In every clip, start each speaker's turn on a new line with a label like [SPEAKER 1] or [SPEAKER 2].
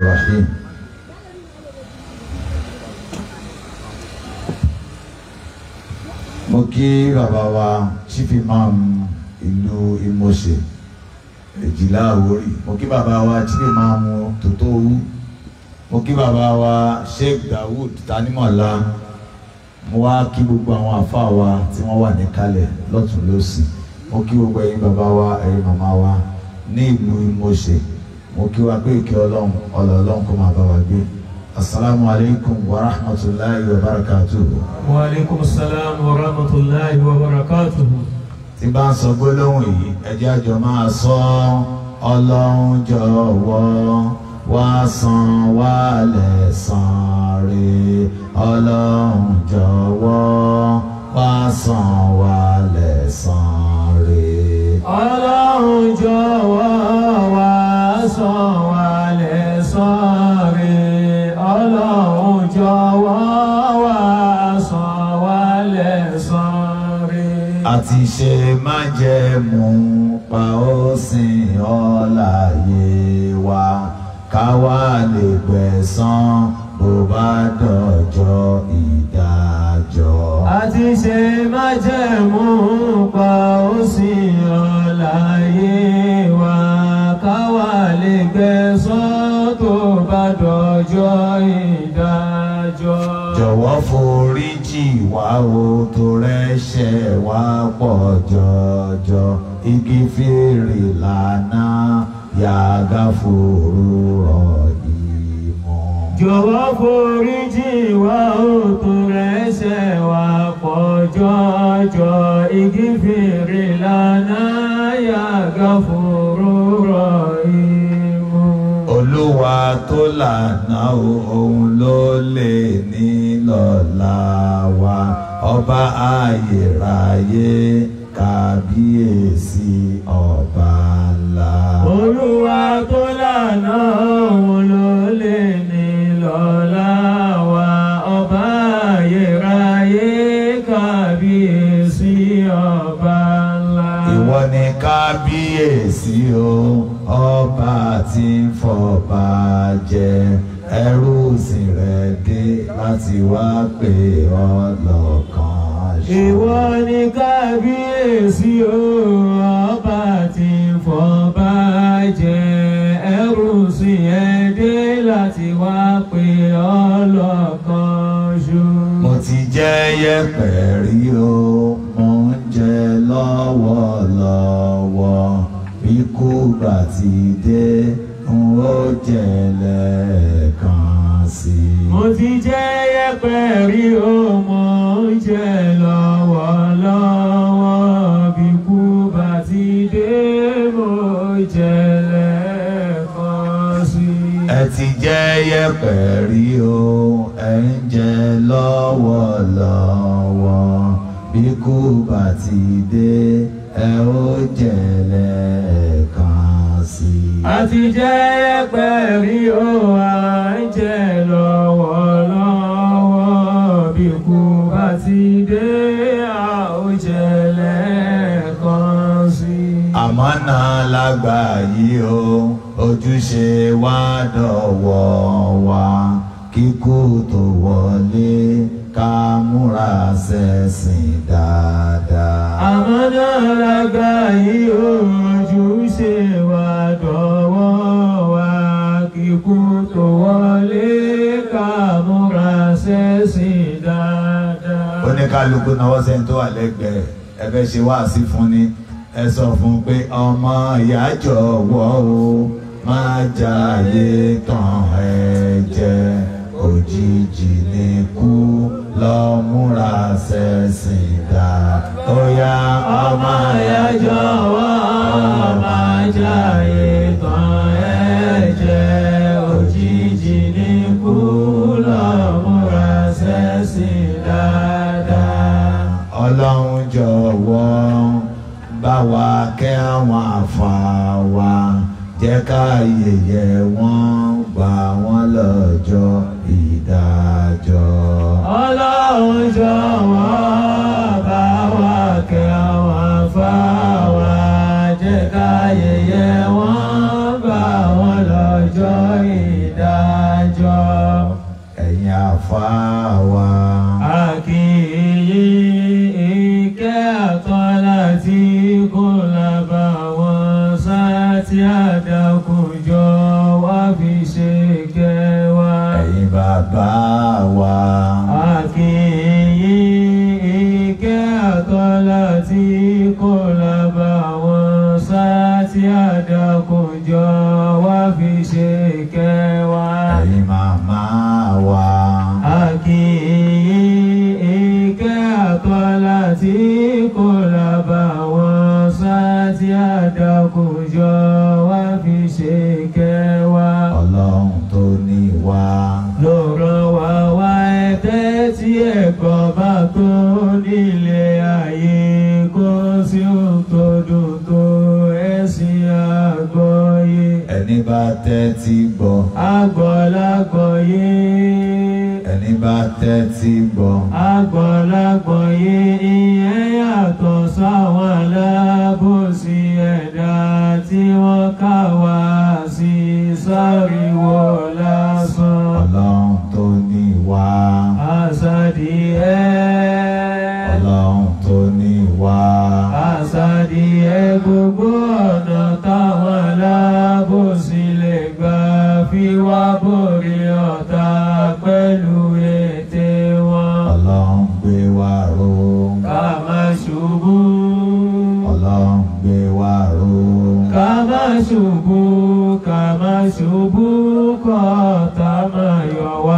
[SPEAKER 1] الرحيم mo kí bàbá wa chief imam ìlú Ìmọ̀ṣẹ́ èjìlá àwórì mo kí bàbá wa chief imam tòtóowú mo kí bàbá wa sheikh dawood tanimọ̀lá mo wá kí gbogbo àwọn àfáà wa tí wọ́n wà níkàlẹ̀ lọ́tún lọ́sì mo gbogbo ẹ̀yin bàbá wa ẹ̀yin màmá wa ní ìlú Ìmọ̀ṣẹ́ mo kí wa pé ìkẹ́ ọlọ́run ọ̀lọ́ ọlọ́run kó máa bá wa gbé asalaamu alaykum wa rahmatulahi wa barakatuhu.
[SPEAKER 2] wa aleykum salaam wa rahmatulahi wa barakatuhu.
[SPEAKER 1] tí bá ń sọ gbólóhùn yìí ẹ àjọ máa sọ ọlọ́run jọ̀wọ́ wá san wá lẹ̀ san re ọlọ́run jọ̀wọ́ wá san wá lẹ̀ san
[SPEAKER 2] re ọlọ́run jọ̀wọ́ wá sọ wá
[SPEAKER 1] àti ṣe má pa ó sìn ọ́ láàyè wa ká wá lè gbẹ̀san bó bá dọ̀jọ́ ìdájọ́.
[SPEAKER 2] àti ṣe má pa ó sìn ọ́ láàyè ìgbẹ̀san tó bá dọjọ́ ìdájọ́.
[SPEAKER 1] jọ̀wọ́ foríjì wá o tó rẹ́ṣẹ̀ wá pọ̀ jọjọ igi fèrè lànà yàgá fòrò ọ̀dìmọ̀. jọ̀wọ́ foríjì wá o tó rẹ́ṣẹ̀
[SPEAKER 2] wá pọ̀ jọjọ igi fèrè lànà yàgá fòrò ọ̀dìmọ̀
[SPEAKER 1] wa tó lànà òun ló lè ní lọ́la wa ọba ayérayé kàbíyèsí ọba ńlá. olúwa tó lànà òun
[SPEAKER 2] ló lè ní lọ́la wa ọba ayérayé kàbíyèsí ọba ńlá.
[SPEAKER 1] ìwọ ni kábíyèsí o ọba tí ń fọba jẹ ẹrú sì rẹ̀ dé láti wá pè ọ́ lọ́kàn ṣe. ìwọ ni kábíyèsí o
[SPEAKER 2] ọba tí ń fọba jẹ ẹrú sì rẹ̀ dé láti wá pè ọ́ lọ́kàn mo
[SPEAKER 1] ti jẹ́ yẹ̀pẹ̀ rí o mo ń jẹ lọ́wọ́ lọ́wọ́ kú bàtì dé n ó jẹlẹ̀ kan sí i. mo ti jẹ́ yẹpẹ̀ rí o mo
[SPEAKER 2] ń jẹ lọ́wọ́ lọ́wọ́ bí kú bàtì dé mo jẹlẹ̀ kan sí ẹ ti
[SPEAKER 1] jẹ́ yẹpẹ̀ rí o ẹ ń jẹ lọ́wọ́ bí kú bàtì dé ẹ ó jẹ̀lẹ̀ kan sí i. àti jẹ́ pẹ̀rí ó
[SPEAKER 2] wà ń jẹ lọ́wọ́ lọ́wọ́ bí kú bá ti dé a jẹ̀lẹ̀ kan sí
[SPEAKER 1] i. àmánà lágbà o ojúṣe wa dọ̀wọ́ wa kíkú tó wọlé ká múra ṣẹ̀sìn dáadáa. àwọn alága yìí
[SPEAKER 2] ojúṣe wa dọ̀wọ́ wa kíkú tó wọlé ká múra ṣẹ̀sìn dáadáa.
[SPEAKER 1] oníkálukú náwó sẹ́ni tó wà lẹ́gbẹ̀ẹ́ ẹ fẹ́ ṣe wáàsí fún ni ẹ sọ fún un pé ọmọ ìyá jọ̀wọ́ o máa jayé tán ẹ jẹ òjijì ní kú lọ múra ṣẹ̀sìn dá. Ó yá ọmọ ẹ̀jọ̀ wá
[SPEAKER 2] ọmọ ajá ìtàn ẹ̀jẹ̀ òjijì ní kú lọ múra ṣẹ̀sìn dáadáa.
[SPEAKER 1] Ọlọ́run jọ̀wọ́ bá wa kẹ́ àwọn àfà wa jẹ́ ká yẹ̀yẹ́ wọn gbà wọ́n lọ́jọ́
[SPEAKER 2] ọlọ́run jọ̀wọ́ wa kẹ́ àwọn afáwa jẹ́ ká yẹ̀yẹ́ wọ́n bá wọn lọ́jọ́ ìdájọ́ ẹ̀yin afáwa. a kì í yí ìkẹ́ àtọ́lá tí kò lábà wọn jọ wá fi ṣe kẹwàá. ẹ̀yin màmá wa. a kì í ìkẹ́ àtọ́lá tí kò lábà wọn sá tí àdàkù jọ wá fi ṣe kẹwàá. ọlọ́run
[SPEAKER 1] tó ní wa.
[SPEAKER 2] ló ràn wá wá ẹ̀tẹ́ tí ẹ̀kọ́ bá tó nílé.
[SPEAKER 1] ẹni bá tẹ́tí gbọ́. àgbọ̀lagbọ̀ yé. ẹni bá tẹ́tí gbọ́.
[SPEAKER 2] àgbọ̀lagbọ̀ yé ìyẹn yàtọ̀ sáwọn alábòsí ẹ̀dá tí wọ́n kà wá sí sáríwọ̀. ṣubú ká má ṣubú kọ́ tá má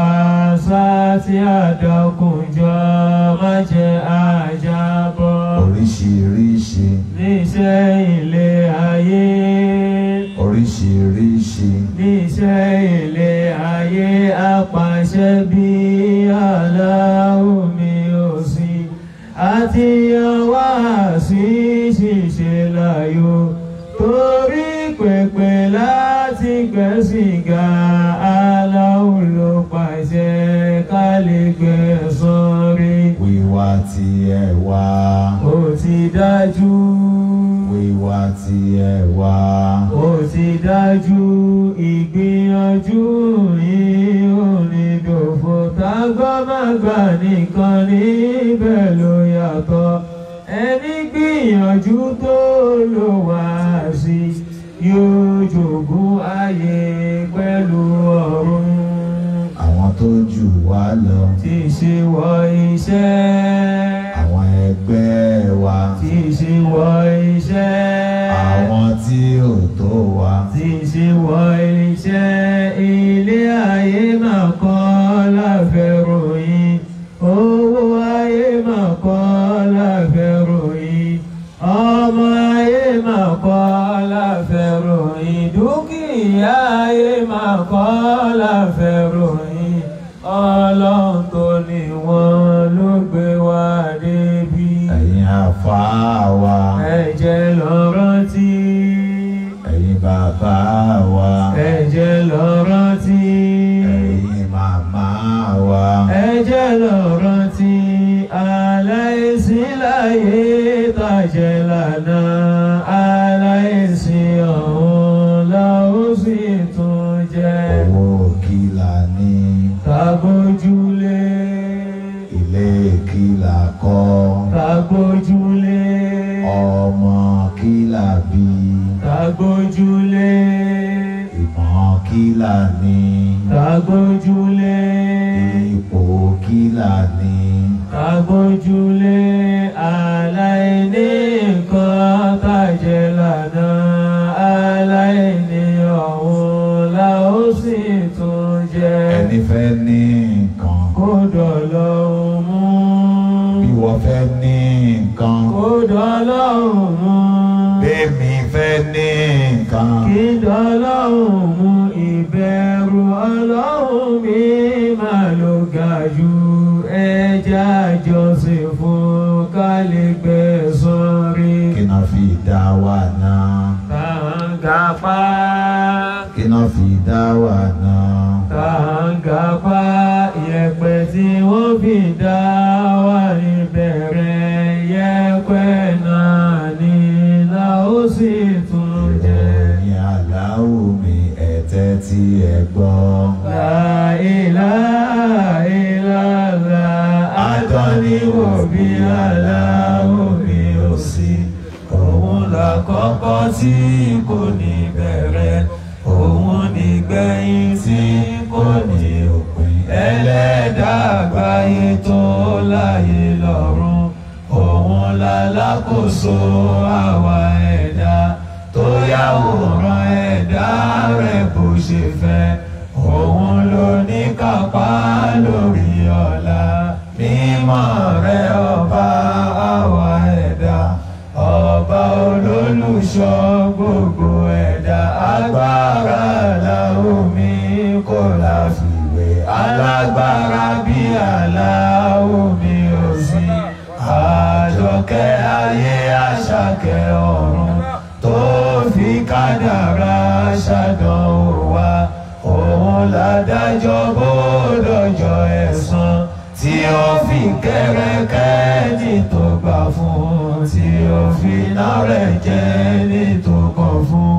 [SPEAKER 1] tiẹ̀ wá. ó ti dájú. wíwá tiẹ̀ wá. ó ti dájú ìgbìyànjú
[SPEAKER 2] yìí ò ní dòfò tágbàmàgbà nìkan níbẹ̀ ló yàtọ̀ ẹni gbìyànjú tó lò wá sí yóò jogún ayé pẹ̀lú ọ̀run.
[SPEAKER 1] àwọn tó jù
[SPEAKER 2] wá lọ. ti ṣe wọ iṣẹ́ wa tí ń ṣe wọ iṣẹ́
[SPEAKER 1] àwọn tí ò tó wa
[SPEAKER 2] tí ń ṣe wọ iṣẹ́ ilé ayé máa kọ́ láfẹ́ ròyìn owó ayé máa kọ́ láfẹ́ ròyìn ọmọ ayé máa kọ́ láfẹ́ ròyìn dúkìá ayé máa kọ́ láfẹ́ ròyìn ọlọ́run. àlùfáà wa. ẹ jẹ́ lọ́rọ́ tí.
[SPEAKER 1] ẹ̀yin bàbá wa. ẹ jẹ́ lọ́rọ́ tí. ẹ̀yin màmá wa.
[SPEAKER 2] ẹ jẹ́ lọ́rọ́ tí. aláìsí láyé tàjẹ́ lánàá aláìsí ọ̀hún làwọn sì tún jẹ́. owó
[SPEAKER 1] kìlà ni. tàbójúlé. ilé kìlà kọ́. tàbójú. kílà
[SPEAKER 2] ni. Kagbójúlé. Ipò kílà ni. Kagbójúlé aláìní nǹkan tàjẹ́ lànà aláìní ọ̀hún la ó sì tún
[SPEAKER 1] jẹ. Ẹni fẹ́ ní nǹkan.
[SPEAKER 2] Kó dọ̀lọ́ mú.
[SPEAKER 1] Bí wọ́n fẹ́ ní nǹkan.
[SPEAKER 2] Kó dọ̀lọ́ mú.
[SPEAKER 1] Bẹ́ẹ̀ mi fẹ́ ní nǹkan.
[SPEAKER 2] Kí dọ̀lọ́. ẹja jọ́sìn fún ká lè gbẹ̀san rí. kí náà fi dá wa náà. tàǹgàpá.
[SPEAKER 1] kí náà fi dá wa náà.
[SPEAKER 2] tàǹgàpá yẹ̀pẹ̀ tí wọ́n fi dá wa ní bẹ̀rẹ̀ náà ni láó sì tún jẹ́. ìròyìn
[SPEAKER 1] àláwùmí ẹ̀tẹ́ tí ẹ gbọ́.
[SPEAKER 2] láìláà bá ní òbí àlá òbí òsì òun làkọ́kọ́ tí kò ní bẹ̀rẹ̀ òun nígbẹ̀yìn tí kò ní òpin ẹlẹ́dàá àgbáyé tó láyé lọ́run òun lálákòóso àwa ẹ̀dá tó yàwòrán ẹ̀dá rẹ̀ bó ṣe fẹ́ òun
[SPEAKER 1] ló ní kápá lórí mímọ́ rẹ ọba àwa ẹ̀dá ọba olólùṣọ́ gbogbo ẹ̀dá agbára la omi kò láfiwé alágbára bí àlá omi ò sí àjọkẹ́
[SPEAKER 2] ayé àṣàkẹ́ ọ̀run tó fi kádàrá ṣàdánwò wa òun ládájọ́ bó dọjọ́ ẹ̀sìn tí ó fi kẹ́rẹ́kẹ́ ní tó gbà fún tí ó fi nárẹ̀ jẹ́ ní
[SPEAKER 1] tó kọ̀ fún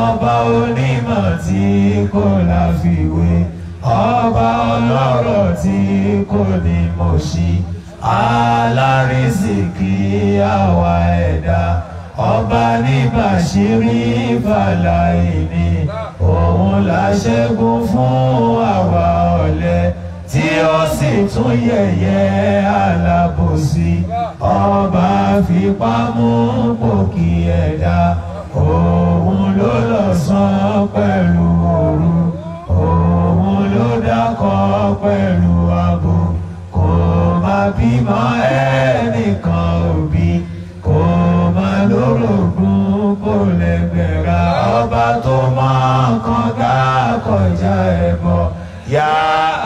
[SPEAKER 1] ọba onímọ̀ tí kò láfiwé ọba ọlọ́rọ̀ tí kò ní mọ̀ṣí alárísìkí àwa ẹ̀dá ọba ní bàṣírí fàlàyé ni òun la fún àwa ọ̀lẹ tí ó sì tún yẹ̀yẹ́ alábòsí ọba fipá mú pòkì ẹ̀dá
[SPEAKER 2] òun ló lọ́sàn pẹ̀lú òru òun ló dákọ̀ pẹ̀lú abo kò má bímọ ẹnìkan òbí kò má lórogún kò
[SPEAKER 1] lẹ́gbẹ̀rà ọba tó máa kàn dá kọjá ẹ̀.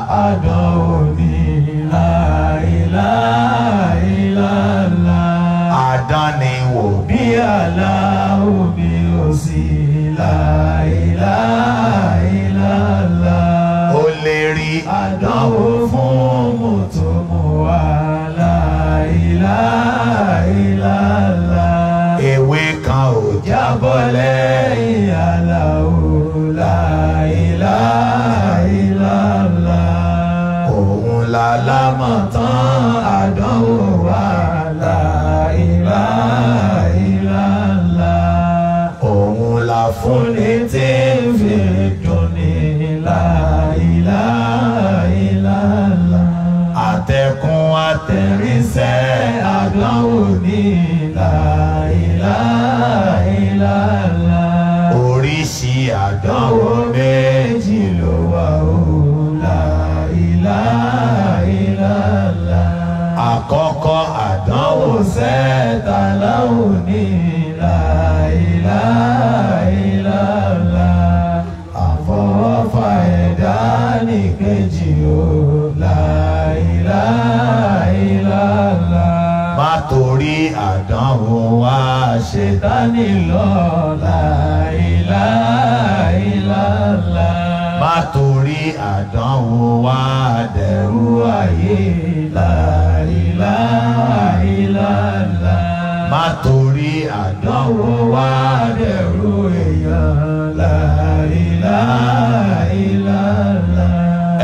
[SPEAKER 1] I adore thee. nílọ́la ìlàlá. Má torí àdánwò wá dẹ̀rù ayé ìlàlá. Má torí àdánwò wá dẹ̀rù èèyàn ìlàlá.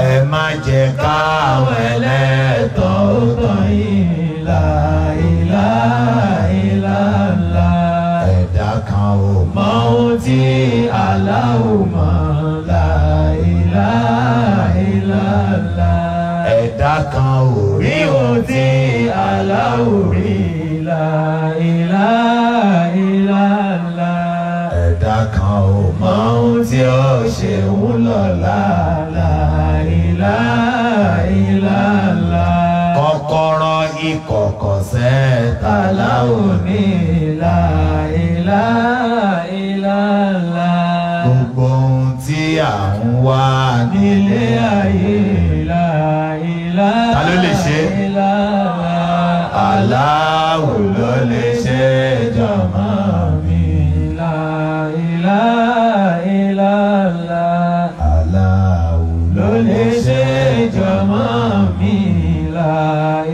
[SPEAKER 1] Ẹ má jẹ́ káwẹ́. ta ló lè ṣe Allahu ló lè ṣe jọmọ mi.
[SPEAKER 2] Allahu
[SPEAKER 1] ló lè ṣe jọmọ
[SPEAKER 2] mi. La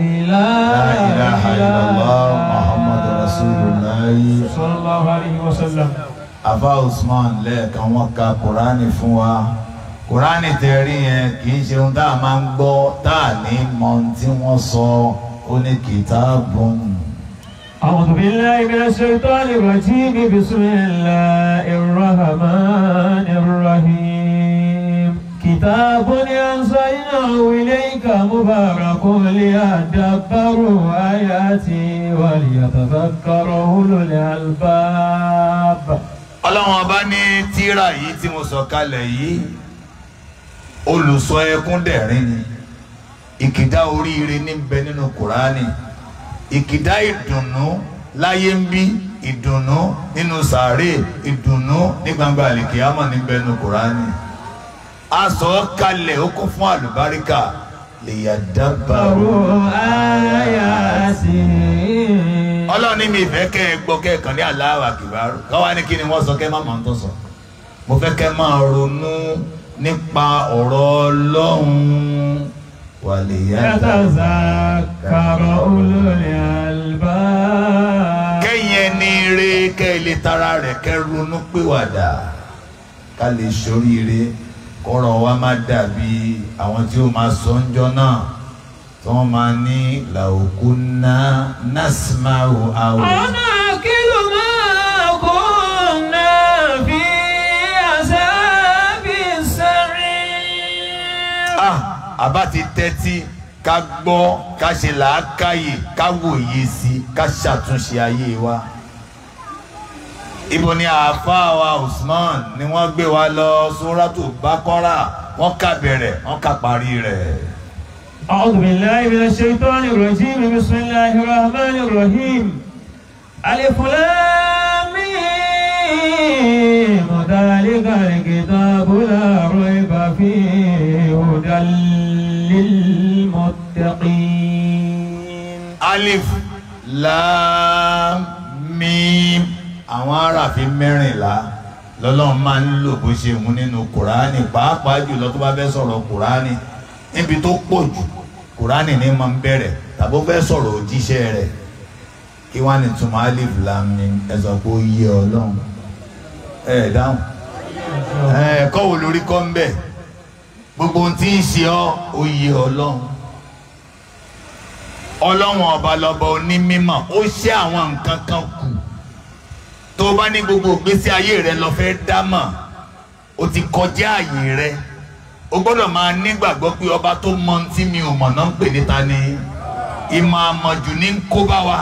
[SPEAKER 1] ilaha illallah Muhammad Rasulullah. Sallallahu alayhi wa sallam. Àfáà Usman lẹ́ẹ̀kan wọ́n ka Kùránì fún wa kùránì tẹ̀rí yẹn kì í ṣe ohun tá a máa ń gbọ́ tá a ní mọ tí wọ́n sọ ó ní kitabun. أعوذ بالله من الشيطان الرجيم
[SPEAKER 2] بسم الله الرحمن الرحيم كتاب أنزلناه إليك مبارك ليدبروا آياته وليتفكروا أولو الألباب.
[SPEAKER 1] Ọlọ́run ọba ní tírà yìí tí mo sọ kalẹ̀ yìí olùsọ ẹkún dẹrin ni ìkìdá oríire ní bẹ nínú kùránì ìkìdá ìdùnnú láyé ń bí ìdùnnú nínú sàárè ìdùnnú ní gbangba àlìkìyámà ní bẹ nínú kùránì aṣọ kalẹ̀ ó kún fún àlùbáríkà lèyàdábàrò
[SPEAKER 2] àyàsí.
[SPEAKER 1] ọlọ́run ní mi fẹ́ kẹ́ ẹ gbọ́ kẹ́ ẹ kàn ní Allahu Akbar káwá ní kí ni wọ́n sọ kẹ́ ẹ má mọ̀ ń tó sọ mo fẹ́ kẹ́ ẹ máa ronú. nípa ọ̀rọ̀ ọlọ́run wàlíyàtàzà kàrọ̀ olórí àlùbá. kẹ́yìn ẹni ire kẹ́ ilé tara rẹ̀ kẹ́ ronú pìwàdà ká lè ṣoríire kọ́rọ̀ wa má dàbí àwọn tí ó máa sọ ń náà tí wọ́n máa ní làókù ná násìmáwò àwò. àbá ti tẹ́tí ká gbọ́ ká ṣe làákàyè ká wòye sí ká ṣàtúnṣe ayé wa ibo ni àáfàá wa Usman ni wọ́n gbé wa lọ Suratu Bakara wọ́n kà bẹ̀rẹ̀ wọ́n kà parí rẹ̀.
[SPEAKER 2] أعوذ بالله من الشيطان الرجيم بسم الله الرحمن الرحيم ألف لام ذلك الكتاب لا ريب
[SPEAKER 1] فيه هدى للمتقين alif laam mim àwọn aráàfin mẹ́rìnlá lọ́lọ́run máa ń lò bó ṣe hun nínú kùránì pàápàá jùlọ tó bá fẹ́ sọ̀rọ̀ kùránì níbi tó pọ̀ jù kùránì ní máa ń bẹ̀rẹ̀ tàbó fẹ́ sọ̀rọ̀ òjíṣẹ́ rẹ̀ kí wọ́n á ní túmọ̀ alif laam mim ẹ pé ó yé ọlọ́run ẹ dáhùn ẹ kọ́wọ́ lórí kọ́ ń bẹ̀ gbogbo ohun tí ń ṣe ọ́ ó yé ọlọ́run ọlọ́wọ̀n ọba lọ́ba onímímọ̀ ó ṣe àwọn nǹkan kan kù tó o bá ní gbogbo ìgbésí ayé rẹ lọ fẹ́ dámọ̀ o ti kọjá àyè rẹ o gbọ́dọ̀ máa nígbàgbọ́ pé ọba tó mọ tí mi ò mọ̀ náà ń pè níta ni ìmọ̀ àmọ̀jù ní kó bá wa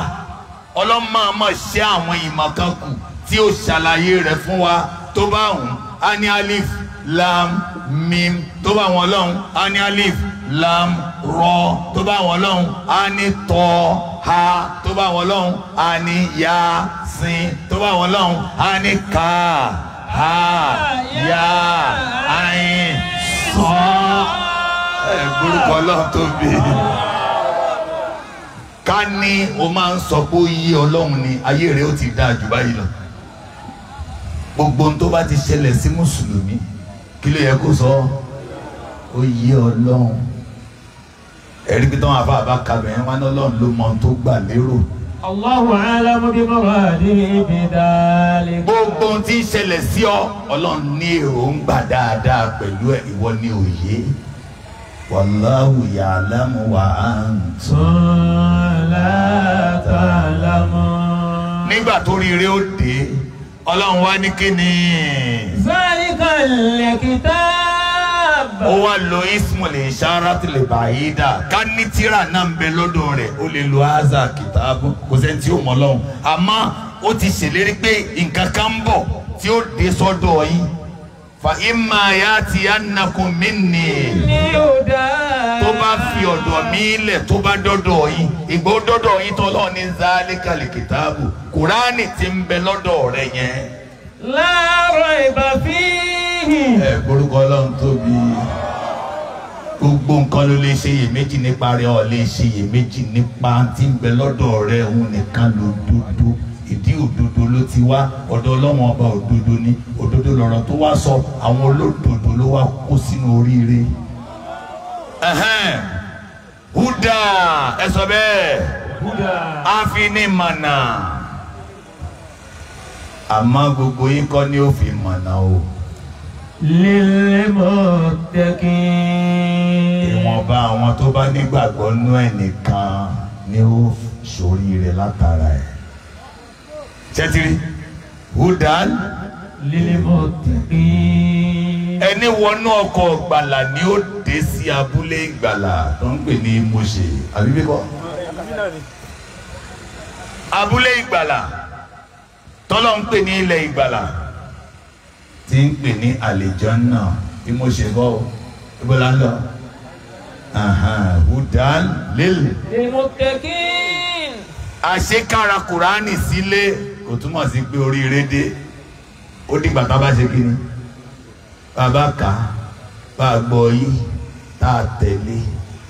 [SPEAKER 1] ọlọ́mọ àmọ̀ ṣe àwọn ìmọ̀ kan kù tí ó ṣàlàyé rẹ̀ fún wa tó bá hùn á ní alif lam mim tó bá wọn lọ́hùn á ní alif lam rọ tó bá wọn lọ́hùn á ní tọ́ ha tó bá wọn lọ́hùn á ní ya sin tó bá wọn lọ́hùn á ní ka ha ya ayin sọ ẹ gbórúkọ ọlọ́run tóbi ká ní o máa ń sọ pé ó ọlọ́run ni ayé rẹ ó ti dáa jù báyìí lọ gbogbo ohun tó bá ti ṣẹlẹ̀ sí mùsùlùmí kí ló yẹ kó sọ ó yé ọlọ́run ẹ̀rí pé táwọn àbá àbá kabẹ̀ yẹn wọn ní ló mọ tó gbà lérò. Allahu alamu bi muradihi bi dhalika. Gbogbo ohun tí ń ṣẹlẹ̀ sí ọ, Ọlọ́run ní èròǹgbà dáadáa pẹ̀lú ẹ̀ ìwọ ní òye. Wallahu ya'lamu wa antum la ta'lamun. Nígbà tó rire ó dé, Ọlọ́run wá ní kíni. Zalikal
[SPEAKER 2] kitab
[SPEAKER 1] ó wá lo ismule ìṣáratìlẹ̀ bàyídà ká ní tíra náà ń bẹ lọ́dọ̀ rẹ̀ ó lè lo aza kìtàbù kò sẹ́ni tí ò mọ̀ lọ́hùn àmọ́ ó ti ṣèlérí pé nǹkan kan ń bọ̀ tí ó dé sọ́dọ̀ yín fa imma ya'tiyannakum minni tó bá fi ọ̀dọ̀ mi lẹ̀ tó bá dọ́dọ̀ yín ìgbó dọ́dọ̀ yín tó lọ́ọ̀ ní zalikal kìtàbù kùránì ti ń bẹ lọ́dọ̀ rẹ̀ yẹn. la raiba ẹ gbórúkọ ọlọ́run tóbi gbogbo nǹkan ló lè ṣe iyèméjì nípa rẹ ọ lè ṣe iyèméjì nípa tí ń bẹ lọ́dọ̀ rẹ òun nìkan lòdodo ìdí òdodo ló ti wá ọ̀dọ̀ ọlọ́run ọba òdodo ni òdodo lọ̀rọ̀ tó wá sọ àwọn olódodo ló wá kó sínú oríire. húdà ẹ sọ bẹ́ẹ̀ àfinimọ̀nà àmọ́ gbogbo yín kọ́ ni ó fi mọ̀nà o lilmuttaqin. ìwọ̀nba àwọn tó bá nígbàgbọ́ nú ẹ̀ nìkan ni ó ṣoríire látara ẹ̀. ṣẹ́tìrì hudan lilmuttaqin. ẹni wọnú ọkọ̀ ìgbàlà ni ó dé sí abúlé ìgbàlà tó ń pè ní moshe àbí bíbọ́. abúlé ìgbàlà tọ́lọ́ ń pè ní ilẹ̀ ìgbàlà tí ń pè ní àlìjọ́nà bí mo ṣe bọ́ ibo la ń lọ. hudan lil.
[SPEAKER 2] lilmuttaqin.
[SPEAKER 1] àṣekára kùránì sílé kò túmọ̀ sí pé oríire dé ó dìgbà tá a bá ṣe kí ni bàbá kà á bá a gbọ́ yìí tá a tẹ̀lé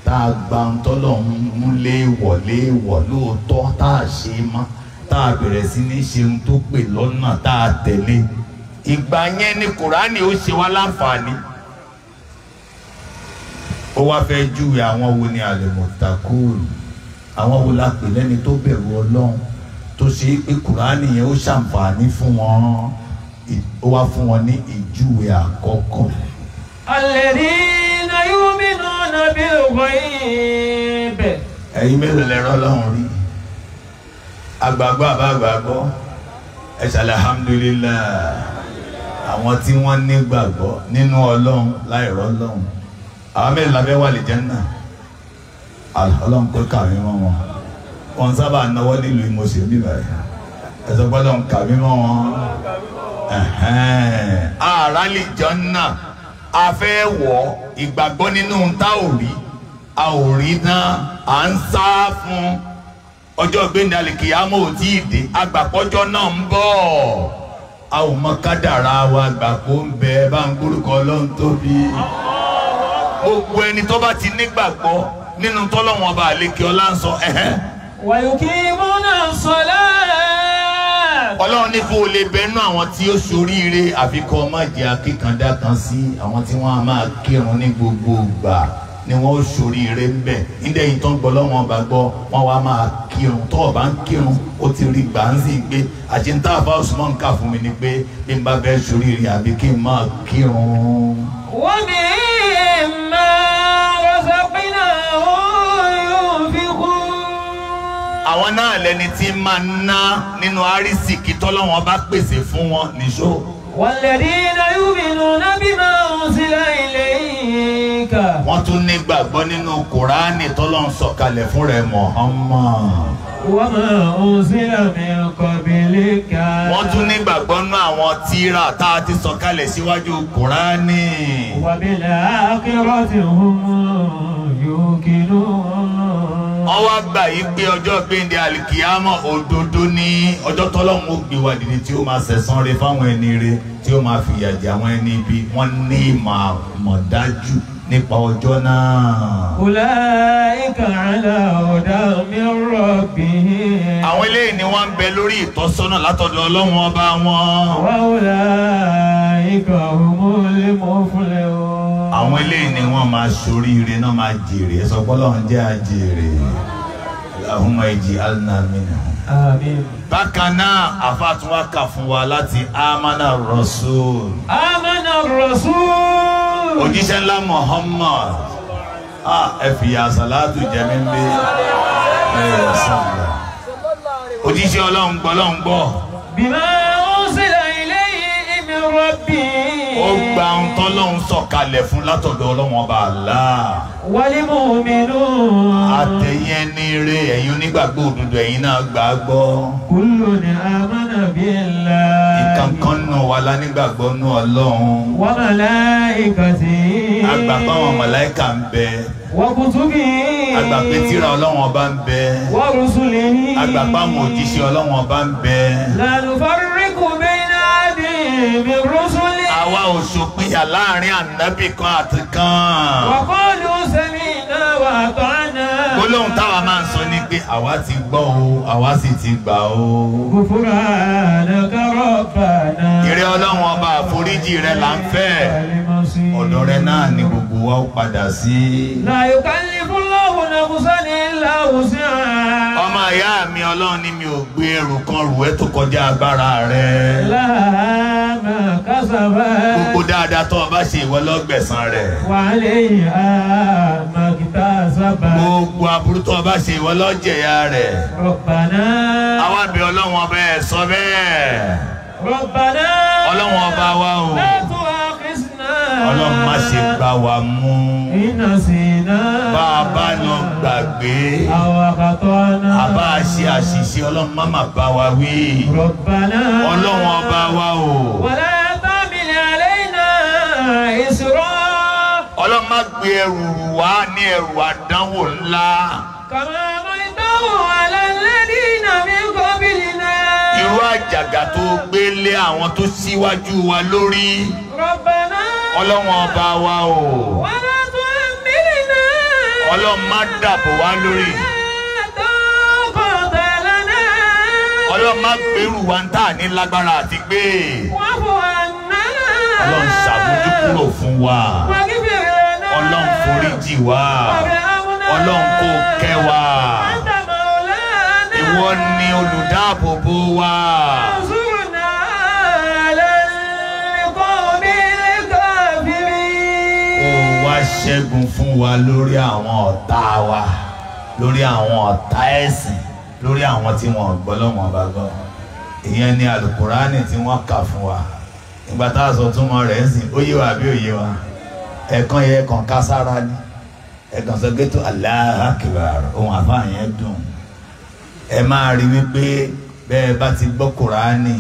[SPEAKER 1] tá a gba ntọ́lọ́hún mú léèwọ̀ léèwọ̀ lóòótọ́ tá a ṣe mọ́ tá a bẹ̀rẹ̀ sí ní ṣe tó pè lọ́nà tá a tẹ̀lé ìgbà yẹn ni kùránì ó ṣe wá láǹfààní ó wá fẹ́ júwe àwọn wo ni àlèmọ̀tàkùn àwọn wo la pè lẹ́ni tó bẹ̀rù ọlọ́run tó ṣe pé kùránì yẹn ó ṣàǹfààní fún wọn ó wá fún wọn ní ìjúwe àkọ́kọ́.
[SPEAKER 2] alladhina yu'minuna bil ghaib.
[SPEAKER 1] ẹ̀yin mélòó lẹ́rọ ọlọ́run rí àgbàgbọ́ àbá àgbàgbọ́ ẹ̀ ṣàlẹ̀ àwọn tí wọ́n ní gbàgbọ́ nínú ọlọ́run láìrọ́ ọlọ́run àwọn mẹ́rin labẹ́ wà lè jẹ́nà ọlọ́run kó kàwé mọ́ wọn wọn sábà náwó nílùú ìmọ̀ọ́sẹ̀ níbàyà ẹ̀sọ́ gbọ́dọ̀ ń kàwé mọ́ wọn ara lè jẹ́nà a fẹ́ wọ̀ ìgbàgbọ́ nínú tá ò rí a ò rí náà à ń sá fún ọjọ́ gbẹ̀ndàlẹ̀ kìyàmó tí ì dé agbàpọ̀jọ́ náà ń bọ̀ a ò mọ kádàrá wa gbà kó ń bẹ ẹ bá ń gbórúkọ ọlọ́run tóbi. gbogbo ẹni tó bá ti nígbàgbọ́ nínú tọ́lọ́wọ́n ọba àlekè ọlá ń sọ ẹ̀hẹ́.
[SPEAKER 2] wàyòkè múnà sọlá.
[SPEAKER 1] ọlọ́run ní kó o lè àwọn tí ó ṣoríire àfikọ́ má jẹ́ akíkandá kan sí àwọn tí wọ́n á máa kírun ní gbogbo ìgbà ni wọ́n sori rẹ ń bẹ̀ nílẹ̀ yìí tó ń gbọ́ lọ́wọ́n bá gbọ́ wọ́n wá máa kírun tó o ń kírun ó ti rí gbàǹsì gbé àti ní táàbà Usman kà fún mi ni pé bí n bá fẹ́ sori rẹ àbí kí n máa kírun. wọ́n mi máa rọ́ṣọ́ pínà fi kú. àwọn náà lẹni tí máa ná nínú àrísìkí tọ́lọ́wọ́n bá pèsè fún wọn nìṣó. wàlẹ̀ dín náà yóò bínú nábì máa ń sílẹ̀ rabbika. wọ́n tún ní gbàgbọ́ nínú kùránì tọ́lọ́run sọ̀kalẹ̀ fún rẹ̀ Muhammad.
[SPEAKER 2] wa ma unzila min qablika. wọ́n tún
[SPEAKER 1] ní gbàgbọ́ nínú àwọn tírà tá a ti sọ̀kalẹ̀ síwájú kùránì. wa bil
[SPEAKER 2] akhirati hum yuqinun
[SPEAKER 1] ọwọ́ àgbà yìí pé ọjọ́ gbéǹde àlìkìyámọ̀ òdodo ní ọjọ́ tọ́lọ́hún ó tí ó máa sẹ̀san re fáwọn ẹni re tí ó máa fìyà jẹ àwọn ẹni ibi wọ́n ní ìmọ̀ àmọ̀dájú nípa ọjọ́ náà. Ulaika ala hudan min rabbihim. àwọn eléyìí ni wọ́n ń bẹ lórí ìtọ́sọ́nà látọ̀dọ̀ ọlọ́run ọba wọn. wa ulaika humul muflihun àwọn eléyìí ni wọ́n máa ṣoríire náà máa jèrè ẹ sọ pé Ọlọ́run jẹ́ àjèrè Allahumma ij'alna minhum. bákan náà àfàtúwà kà fún wa láti amana rasul.
[SPEAKER 2] amana rasul. òjíṣẹ́
[SPEAKER 1] ńlá Muhammad ẹ fi sàlátù jẹ́mi ń bí ẹ yẹ sàlá. òjíṣẹ́ ọlọ́run gbọ́ ọlọ́run gbọ́. bima unsila
[SPEAKER 2] ilayhi min rabbi. ó gbà
[SPEAKER 1] ń tọ́lọ́run sọ̀kalẹ̀ fún látọ̀dọ̀ ọlọ́run ọba àlá. wálé mò ń mẹ́rọ. àtẹ̀yìn ẹni rẹ ẹ̀yin onígbàgbọ́ òdodo ẹ̀yin náà gbà á gbọ́. kúlò ní amánà bíi ńlá. ìkankan nù wa la nù ọlọ́run. wọ́n mọ̀lá ìkàtí. àgbà báwọn màláíkà ń bẹ
[SPEAKER 2] wọ́kùtùbí. àgbàgbé tíra ọlọ́wọ́n
[SPEAKER 1] ọba ń bẹ. wọ́rùsùlẹ̀ ní. àgbàgbá àwọn òjíṣẹ́ ọlọ́wọ́n ọba ń bẹ. làlùfárí kò bẹ́ bí rúsúlì. àwa ò ṣòpinya láàrin ànábì kan àti kan.
[SPEAKER 2] wàkọ́ọ̀lù sẹ́mi náà wà tọ́nà.
[SPEAKER 1] gbólóhùn táwa máa ń sọ ni pé àwa ti gbọ́ o àwa sì ti gbà o. kúfúrà lẹ́kọ̀rọ̀ bàdà. ìrẹ́ ọlọ́run ọba àforíjì rẹ̀ là ń fẹ́. ọ̀dọ̀ rẹ̀ náà ni gbogbo wa ó padà sí. làyùká
[SPEAKER 2] ní fúláwù náà kò sẹ́ni láwùsí àná.
[SPEAKER 1] ọmọ ìyá mi ọlọ́run ni mi ò gbé ẹrù kan rù ẹ́ tó kọjá agbára rẹ̀. láàá kásábà. gbogbo dáadáa tó o bá ṣe ìwọ lọ́gbẹ̀sán rẹ̀. wàhálẹ̀ yìí á màkìtà sábà. gbogbo aburú tó o bá ṣe ìwọ lọ́jẹ̀yà rẹ̀. ọ̀pàná. àwa bẹ̀ ọlọ́run ọba ẹ̀ sọ bẹ́ẹ̀.
[SPEAKER 2] ọ̀pàná. ọlọ́run ọba wa o. lẹ́tọ̀ àkísínà. ọlọ́run má ṣe
[SPEAKER 1] gbá wa mú. iná sí iná. bá a bá lọ gbàgbé. àwọn àkàtọ́ náà. àbá a ṣe àṣìṣe ọlọ́run má má bá wa wí. ọ̀pàná. ọlọ́run ọba wa o. wàlẹ́ ìṣòro. ọlọ́run má gbé ẹrù wá ní ẹrù àdánwò ńlá.
[SPEAKER 2] kàmá mọ ìdánwò alálẹ́dí nàmí gómìnà
[SPEAKER 1] náà. irú àjàgà tó gbé lé àwọn tó síwájú wa lórí. rọ̀bàná. ọlọ́run ọba wa o. wọ́n á tún náà. ọlọ́run má dàbò wá lórí. ọlọ́run má gbèrú wa ń tà ní lágbára àti gbé. wọ́n fò wá ọlọ́run ṣàbójú kúrò fún wa ọlọ́run foríjì wa ọlọ́run kò kẹ́ wa ìwọ ni olùdáàbòbò wa. ṣẹ́gun fún wa lórí àwọn ọ̀tá wa lórí àwọn ọ̀tá ẹ̀sìn lórí àwọn tí wọn ò gbọ́ lọ́wọ́n bá gbọ́ ìyẹn ni alukurani tí wọ́n kà fún wa ìgbà tá a sọ túmọ̀ rẹ̀ ń sìn ó yé wa àbí ó yé wa ẹ̀kan yẹ kàn ká sára ni ẹ̀kan sọ gẹ́tò Allahu Akbar ohun àfáàn yẹn dùn ẹ máa rí wípé bẹ́ẹ̀ bá ti gbọ́ Kùránì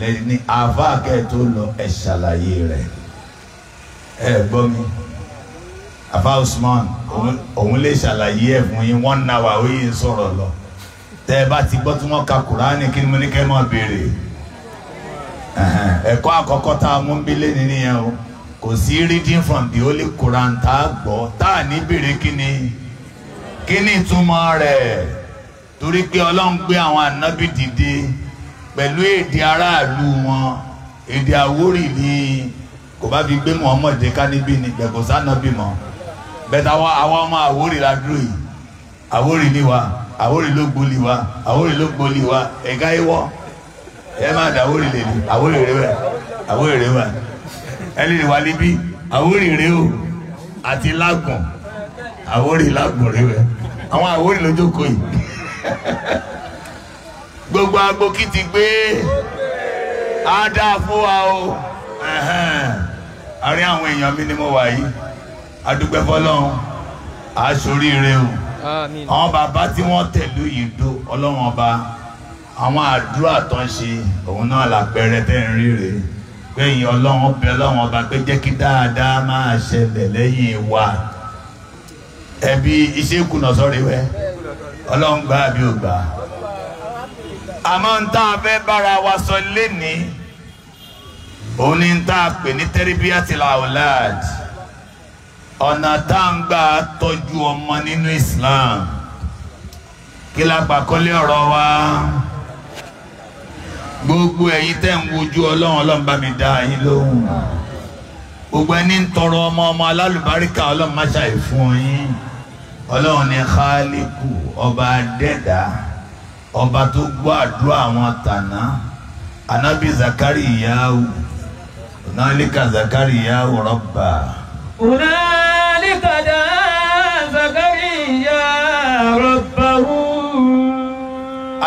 [SPEAKER 1] lẹ́yìn ní àfáà kẹ́ ẹ tó lọ ẹ ṣàlàyé rẹ̀ ẹ gbọ́ mi àfáà Usman òun lè ṣàlàyé ẹ̀ fún yín one hour ó yín sọ̀rọ̀ lọ tẹ́ ẹ bá ti gbọ́ tí wọ́n ka Kùránì kí ni mo ní kẹ́ ẹ máa béèrè ẹ̀kọ́ àkọ́kọ́ tá a mú ń bílé nìyẹn o kò sí reading from the holy Quran tá a gbọ́ tá a ní bèrè kí ni kí ni ìtumọ̀ rẹ̀ torí pé ọlọ́run gbé àwọn ànábì dìde pẹ̀lú èdè aráàlú wọn èdè àwórì ni kò bá fi gbé Muhammad ká níbí ni gbẹ̀kọ̀ sànàbì mọ́ bẹ́ẹ̀ táwọn àwọn ọmọ àwórì la dúró yìí àwórì ni wa àwórì ló gbolì wa àwórì ló gbolì wa ẹ̀ka ẹ̀wọ́ ẹ máa dà àwórì lè ní àwórì rẹ bẹ àwórì rẹ bẹ ẹ lè wà níbí àwórì rẹ o àti lágùn àwórì lágùn rẹ bẹ àwọn àwórì ló jókòó gbogbo agbo gbé á dáa fún wa o àárín àwọn èèyàn mi ni mo wà yìí adúgbẹ́ fọlọ́run àṣoríire o àwọn bàbá tí wọ́n tẹ̀lú yìí dó ọlọ́run ọba àwọn àdúrà tó ń ṣe òun náà làpẹrẹ tẹ́ ń rí rèé gbẹ̀yìn ọlọ́run bẹ ọlọ́run ọba pé jẹ́ kí dáadáa máa ṣẹlẹ̀ lẹ́yìn wa ẹbí iṣẹ́ kùnà sọ́rí wẹ́ ọlọ́run gbà àbí ò gbà. àmọ́ ń tá a fẹ́ bára wa sọ lénìí òun ni ń tá a pè ní tẹ́rìbíàtìl àwòláàd ọ̀nà tá à ń gbà tọ́jú ọmọ nínú Islam kí lápá kọ́lé ọ̀rọ̀ wa gbogbo ẹ̀yin tẹ́ ń wojú ọlọ́run ọlọ́run bá mi dá yín lóhùn gbogbo ẹni ń tọrọ ọmọ ọmọ alálùbáríkà ọlọ́run má ṣàì fún yín ọlọ́run ní khaliku ọba dẹ́dà ọba tó gbọ́ àdúrà àwọn tàná anabi zakariyahu onalika zakariyahu rọba.
[SPEAKER 2] onalika da
[SPEAKER 1] zakariyahu rọba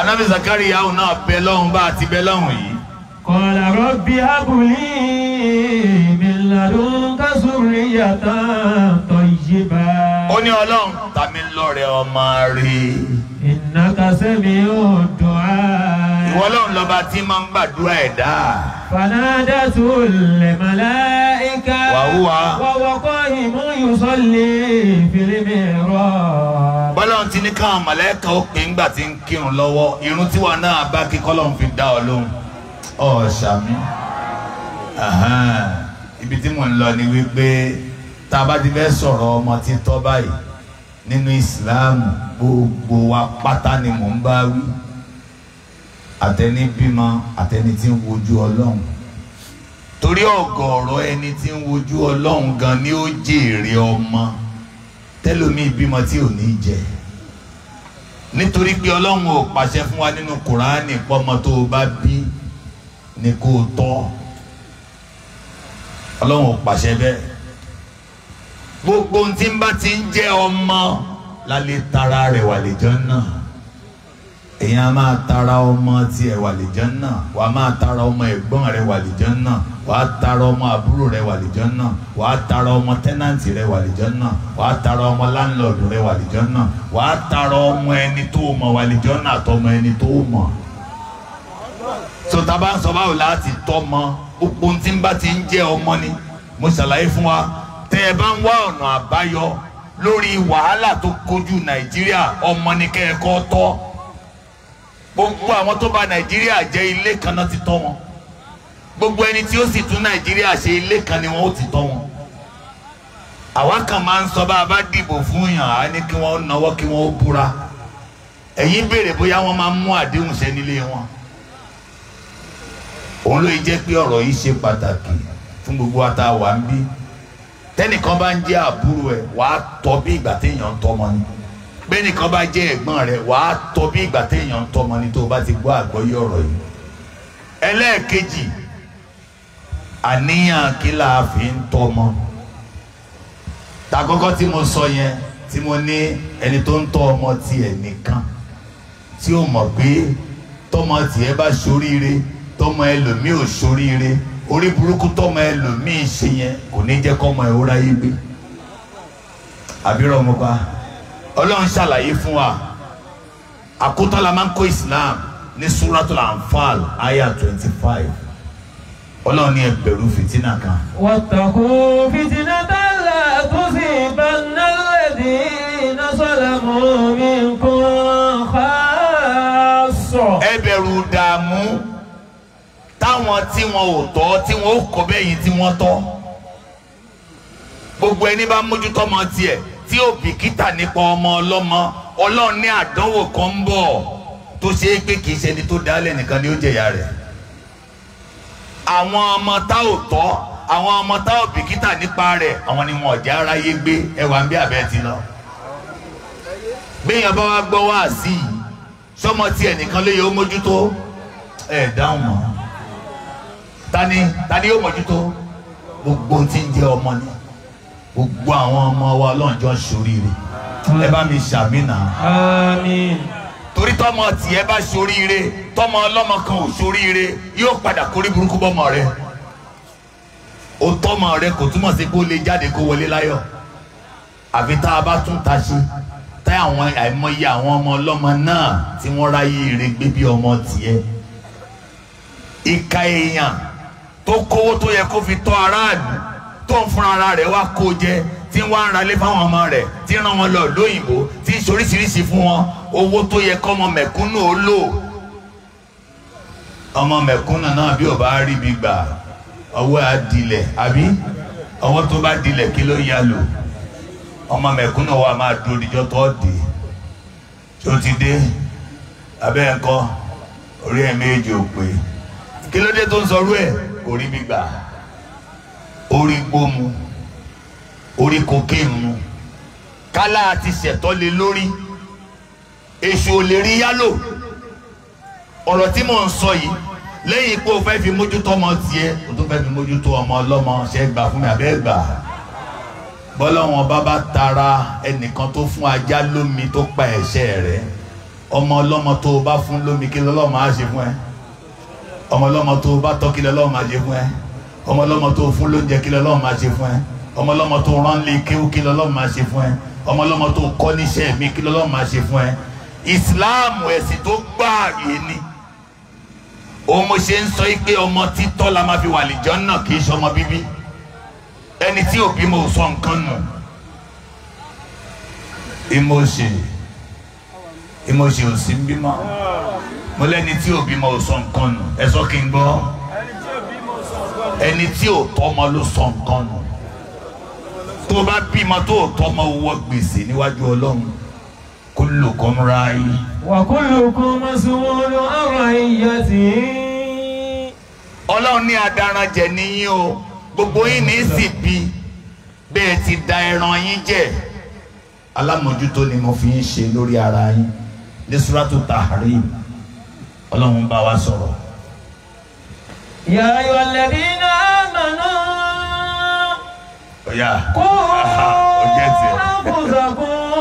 [SPEAKER 1] anabi zakariya òun náà bẹ lọ́hùn bá a ti bẹ lọ́hùn yìí. kọ́lá
[SPEAKER 2] rọ́bì abúlé mi làdún kásùnrin yàtọ̀ tọ́ yé bá.
[SPEAKER 1] ó ní ọlọ́run tàmí lọ́rẹ̀ ọmọ rẹ̀. ìnákasẹ́ mi ò dùn á wọ́lọ́run lọ́ba tí máa ń gbàdúrà ẹ̀dá. fanadatu
[SPEAKER 2] lè màláìka. wàhùwà.
[SPEAKER 1] wọ́wọ́kọ́ ìmú yusalli fil mihrab. bọ́lọ́run ti ní káwọn màláìka ó pè ńgbà tí ń kírun lọ́wọ́ irun tiwa náà bá kí kọ́lọ́run fi dá ọ lóhùn. ọ̀ ṣàmì ibi tí mò ń lọ ni wípé tá a bá ti fẹ́ sọ̀rọ̀ ọmọ títọ́ báyìí nínú ìsìláàmù gbogbo wa pátá ni mò ń bá wí àtẹni bímọ àtẹni tí ń wojú ọlọ́run torí ọ̀gọ̀ọ̀rọ̀ ẹni tí ń wojú ọlọ́run gan ni ó jèrè ọmọ tẹ́lómi bímọ tí ò ní jẹ nítorí pé ọlọ́run ò pàṣẹ fún wa nínú kùránì pọ́mọ tó o bá bí ni kó o tọ́ ọlọ́run ò pàṣẹ bẹ́ẹ̀ gbogbo ohun tí ń bá ti ń jẹ́ ọmọ la lè tara rẹ̀ wà lè jọ náà èyàn á máa tara ọmọ tiẹ̀ wà lè Janna wà á máa tara ọmọ ẹ̀gbọ́n rẹ̀ wà lè Janna wà á tara ọmọ àbúrò rẹ̀ wà lè Janna wà á tara ọmọ tẹ́nàntì rẹ̀ wà lè Janna wà á tara ọmọ láńlọ́ọ̀dù rẹ̀ wà lè Janna wà á tara ọmọ ẹni tó mọ̀ wà lè Janna àtọmọ ẹni tó mọ̀. sọta bá ń sọ báwo láti tọmọ òpó tí ń bá ti ń jẹ́ ọmọ ni mo ṣàlàyé fún wa tẹ́ ẹ bá ń wá ọ̀nà àbáyọ lórí wàhálà tó kojú Nàìjíríà ọmọ ni kẹ́ ẹ kọ́ tọ́ gbogbo àwọn tó bà nàìjíríà jẹ́ ilé kan náà ti tọ́ wọn gbogbo ẹni tí ó sì tún nàìjíríà ṣe ilé kan ni wọn ó ti tọ́ wọn àwa kan máa ń sọ bá a bá dìbò fún yàn á ní kí wọ́n náwó kí wọ́n ó búra ẹ̀yin béèrè bóyá wọ́n máa ń mú àdéhùn ṣẹ nílé wọn òun ló jẹ́ pé ọ̀rọ̀ yìí ṣe pàtàkì fún gbogbo ata wà ń bí tẹ́nìkan bá ń jẹ́ àbúrò ẹ̀ wàá tọ́ bí ìgbà téèyàn ń tọ́ ọmọ ni. bẹ́ẹ̀ni kan bá jẹ́ ẹ̀gbọ́n rẹ̀ wàá tọ́ bí ìgbà téèyàn ń tọmọ ni tó o bá ti gbọ́ àgbọ́yé ọ̀rọ̀ yìí ẹlẹ́ẹ̀kejì àníyàn kí la fi ń tọmọ tàkọ́kọ́ tí mo sọ yẹn tí mo ní ẹni tó ń tọ́ ọmọ tiẹ̀ nìkan tí ó mọ̀ pé tọmọ tiẹ̀ bá ṣoríire tọmọ ẹlòmíì ò ṣoríire orí burúkú tọmọ ẹlòmíì ṣe yẹn kò ní jẹ́ kọ́mọ ẹ̀ ó ráyé gbé àbí rọ̀ mo pa ọlọ́run ṣàlàyé fún wa àkótán la máa ń kó islam ní suratul anfal aya twenty five ọlọ́run ní ẹ bẹ̀rù fìtínà kan.
[SPEAKER 2] wattaqu fitnatan la tusibanna alladhina zalamu minkum
[SPEAKER 1] khassah. ẹ bẹ̀rù dààmú táwọn tí wọn ò tọ́ tí wọn ò kọ́ bẹ́yìn tí wọ́n tọ́ gbogbo ẹni bá mójútó ọmọ tiẹ̀ tí ò bìkítà nípa ọmọ ọlọ́mọ ọlọ́run ní àdánwò kan ń bọ̀ tó ṣe é pé kì í ṣe ẹni tó dálẹ̀ nìkan ni ó jẹ̀yà rẹ̀ àwọn ọmọ tá ò tọ́ àwọn ọmọ tá ò bìkítà nípa rẹ̀ àwọn ni wọn ọ̀já aráyé gbé ẹwà ń bí abẹ́ ti lọ gbẹ̀yìn ọba wa gbọ́ wá sí i sọmọ tí ẹnìkan lè ó mójútó ẹ̀ dáhùn mọ́ tani tani yóò mójútó gbogbo tí ń jẹ ọmọ ni gbogbo àwọn ọmọ wa ọlọ́njọ́ ṣoríire ẹ bá mi ṣàmìnà. àmín. torí tọmọ tiẹ̀ bá ṣoríire tọmọ ọlọ́mọ kan ò ṣoríire yóò padà kórí burúkú bọ́mọ rẹ o tọmọ rẹ kò túmọ̀ sí pé ó lè jáde kó wọlé láyọ̀ àfi tá a bá tún ta ṣe tá àwọn àìmọye àwọn ọmọ ọlọ́mọ náà tí wọ́n ráyè rẹ gbé ọmọ tiẹ̀ ìka èèyàn tó kówó tó yẹ kó fi tọ́ aráàlú tó ń fúnra ara rẹ̀ wá kó jẹ tí ń wá ń ralé fáwọn ọmọ rẹ̀ tí ń rán wọn lọ lóyìnbó tí ń ṣoríṣiríṣi fún wọn owó tó yẹ kọ́mọ mẹ̀kúnnù ó lò ọmọ mẹ̀kúnnù náà bí ò bá rí bí gbà ọwọ́ adilẹ̀ àbí ọwọ́ tó bá dilẹ̀ kí ló yá lò ọmọ mẹ̀kúnnù wa máa dúró níjọ́ tó dé tí ti dé abẹ́ ẹ̀kọ́ orí ẹ̀ méjì ò pé kí ló dé tó ń sọrú ẹ̀ kò rí bí gbà orí gbó mu orí kokéèmù mu kálá àti ṣẹ̀tọ́ lé lórí èṣù ò lè rí yálò ọ̀rọ̀ tí mò ń sọ yìí lẹ́yìn pé o fẹ́ fi mójútó ọmọ tiẹ̀ o tó fẹ́ fi mójútó ọmọ ọlọ́mọ ṣe gbà fún mi àbẹ́ gbà bọ́lọ́wọ́n bàbá tara ẹnìkan tó fún ajá lómi tó pa ẹ̀ṣẹ̀ rẹ̀ ọmọ ọlọ́mọ tó o bá fún lómi kí lọ́lọ́mọ á ṣe fún ẹ ọmọ ọlọ́mọ tó o bá tọ́ kí lọ́lọ́mọ á ṣe fún ẹ ọmọ ọlọ́mọ tó fún lóúnjẹ kí lọ́lọ́run máa ṣe fún ẹ ọmọ ọlọ́mọ tó rán lé kéwú kí lọ́lọ́run máa ṣe fún ẹ ọmọ ọlọ́mọ tó kọ́ níṣẹ́ mi kí lọ́lọ́run máa ṣe fún ẹ ìsìláàmù ẹ̀sìn tó gbààyè ni òun mo ṣe ń sọ yìí pé ọmọ títọ́ la máa fi wà lìjọ́ náà kì í ṣe ọmọ bíbí ẹni tí òbí mo sọ nǹkan nù ìmọ̀ọ́ṣe ìmọ̀ọ́ṣe ò sí bímọ mo lẹ́ni tí òbí mo sọ nǹkan nù ẹ sọ kí n gbọ́ ẹni tí ò tọ́mọ ló sọ nǹkan nù tó bá bímọ tó ò tọ́mọ wọ gbèsè níwájú ọlọ́run kullukum ra'i. wa kullukum mas'ulun 'an ra'iyyatihi. ọlọ́run ní adaranjẹ nìyí o gbogbo yín ní sì bí bẹ́ẹ̀ ti da ẹran yín jẹ alámọ̀jútó ni mo fi ń ṣe lórí ara yín ní suratu Tahrim ọlọ́run bá wa sọ̀rọ̀. يا أيها الذين
[SPEAKER 2] آمنوا
[SPEAKER 1] قوا
[SPEAKER 2] أنفسكم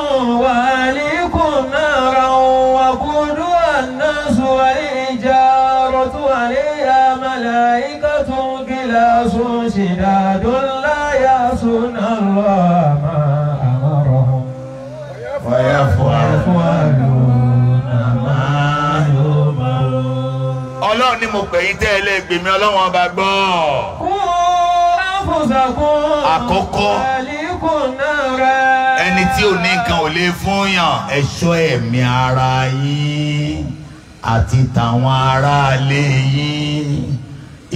[SPEAKER 2] وأهليكم نارا وقودها الناس والحجارة عليها ملائكة غلاظ شداد لا يعصون الله ما أمرهم
[SPEAKER 1] ويفعلون ọlọ́run ni mo pè yín tẹ́ ẹ lẹ́gbẹ̀ẹ́ mi ọlọ́run ọba gbọ́. àkọ́kọ́ ẹni tí ò ní nǹkan ò lè fún yàn ẹ̀ṣọ́ ẹ̀mí ara yín àti tàwọn aráalé yín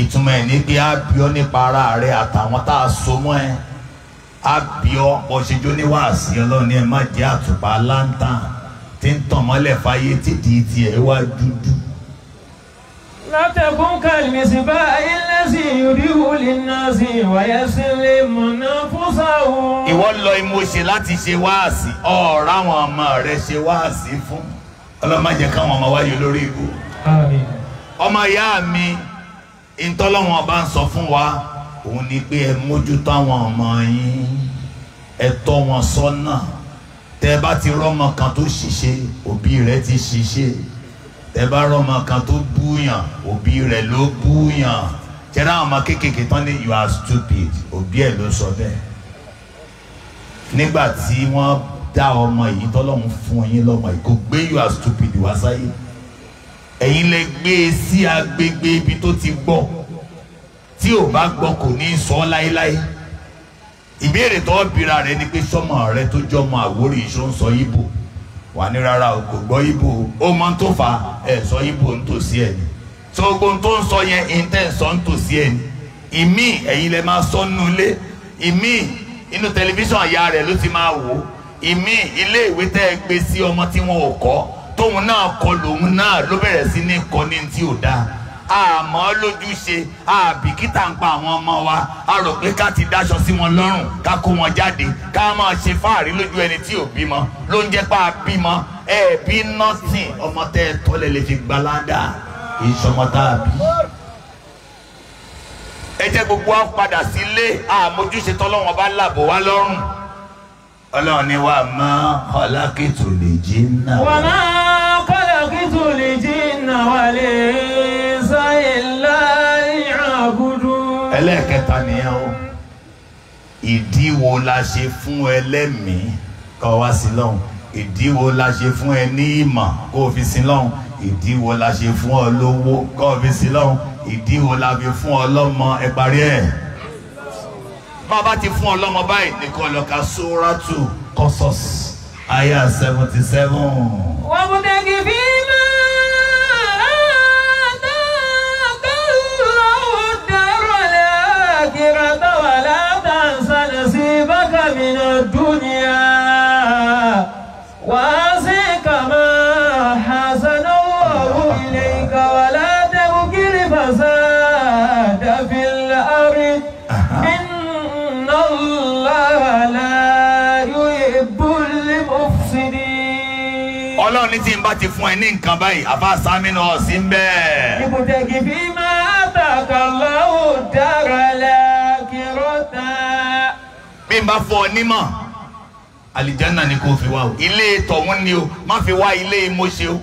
[SPEAKER 1] ìtumọ̀ ẹ̀ ní pé á bí nípa ara rẹ àtàwọn tá a so mọ́ ẹ á bí ní wàásì ọlọ́run ni ẹ má jẹ́ àtùpà láńtàn tí ń tàn mọ́lẹ̀ fáyé tìdí tiẹ̀ wá dúdú
[SPEAKER 2] látẹ̀kún kàlìmẹ̀sì bá ayélẹ́sì ìríwò lè nà sí ìwàyẹ̀sì lè mọ̀nà fúnṣà
[SPEAKER 1] o. láti ṣe wáàsí ọ̀ọ́rá àwọn ọmọ rẹ ṣe wáàsí fún ọlọ́mọ káwọn ọmọ wáyé lórí ìbò. ọmọ ìyá mi ìtọ́lọ́wọ́n bá ń sọ fún wa òun ni pé ẹ mójútó àwọn ọmọ yín ẹ tọ́ wọn sọ́nà tẹ́ ẹ bá ti rọ́mọ kan tó ṣiṣẹ́ òbí rẹ ti ṣiṣẹ́ tẹ bá rọmọ kan tó búyàn òbí rẹ̀ ló búyàn tẹ́lá àwọn ọmọ kéékèèké tán ní you are stupid òbí ẹ̀ ló sọ bẹ́ẹ̀ nígbà tí wọ́n dá ọmọ yìí tọ́lọ́run fún yín lọ́mọ yìí kò gbé you are stupid wá sáyé ẹ̀yin lè gbé e sí agbègbè ibi tó ti gbọ́ tí ò bá gbọ́ kò ní í sọ láéláé ìbéèrè tó bira rẹ ni pé sọmọ rẹ tó jọmọ Àwórì ìṣó ń sọ yíbò wà ní rárá o kò gbọ́ ibo ó mọ tó fa ẹ̀ sọ ibo ń tòsí ẹ̀ ni tó gbóhùn tó ń sọ yẹn ìtẹ̀ sọ ń tòsí ẹ̀ ni ìmí ẹ̀yin lẹ máa sọ nínú ilé ìmí inú tẹlifíṣàn ìyá rẹ̀ ló ti máa wò ìmí ilé ìwé tẹ́ ẹ gbé sí ọmọ tí wọn ò kọ́ tóun náà kọ lòun náà ló bẹ̀rẹ̀ sí ní kọ ní ti ò dáa àmọ́ lójúṣe àbìkítà ń pa àwọn ọmọ wa a rò pé ká ti dáṣọ sí wọn lọ́rùn ká kó wọn jáde ká máa ṣe fáàrí lójú ẹni tí ò bímọ ló ń jẹ́ pé a bímọ ẹ bí nọ́ọ̀sìn ọmọ tẹ́ ẹ tọ́lẹ̀ lè fi gbalada ìṣọmọ tá a ẹ jẹ́ gbogbo wa padà sílé àmójúṣe tọ́lọ́wọ́n bá làbò wá lọ́rùn ọlọ́run ni wàá mọ ọlákìtù lè jí náà. wàá mọ ọlákìtù ẹlẹ́ẹ̀kẹta nìyẹn o ìdí wo la ṣe fún ẹlẹ́mìí kọ́ wá sí lọ́hùn ìdí wo la ṣe fún ẹ ní ìmọ̀ kó o fi sí lọ́hùn ìdí wo la ṣe fún ọ lówó kó o fi sí lọ́hùn ìdí wo la fi fún ọ lọ́mọ ẹ parí ẹ̀ bàbá ti fún ọ lọ́mọ báyìí nìkan lọ́ka sóràtù Qasas àyà seventy seven. wọ́n mú dẹ́gẹ́ bí
[SPEAKER 2] mọ́. الآخرة ولا تنس نصيبك من الدنيا
[SPEAKER 1] وأحسن
[SPEAKER 2] كما حسن الله إليك ولا تبغي الفساد في الأرض إن الله لا يحب المفسدين
[SPEAKER 1] Ọlọ́run ní tí n bá ti fún ẹ ní nǹkan báyìí àbá sámínú ọ̀sìn bẹ́ẹ̀.
[SPEAKER 2] ìbùdókì fi máa tàkà lọ́wọ́
[SPEAKER 1] dára lẹ́ẹ̀ bí n bá fọ ọ nímọ̀ àlìjánà ni kò fi wá o ilé tọ̀hún ni o má fi wá ilé mọ́ṣẹ́ o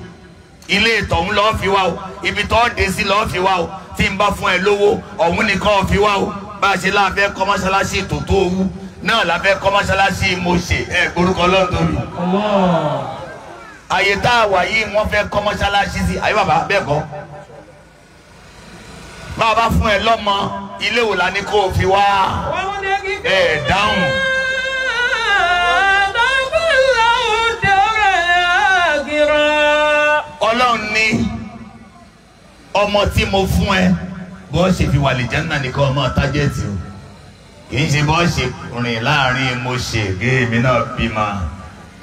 [SPEAKER 1] ilé tọ̀hún lọ́ọ́ fi wá o ibi tọ́ de sí lọ́ọ́ fi wá o tí n bá fún ẹ lówó ọ̀hún nìkan fi wá o bá a ṣe láàfẹ́ kọ́ tòótọ́ owó náà láfẹ́ kọ́ mọ́ṣáláṣí ẹ gbórúkọ lọ́dọ̀ọ́rì. àyè tá a wà yìí wọ́n fẹ́ kọ́ sí àyè bàbá bẹ́ẹ̀ kọ́ bá a bá fún ẹ lọ́mọ ilé wò la ní kó o fi wá ẹ dáhùn. ọlọ́run ní ọmọ tí mo fún ẹ bó ṣe fi wà lìjánná nìkan ọmọ tájẹ́tì o kì í ṣe bó ṣe rìn láàrin mo ṣe gé mi náà bímọ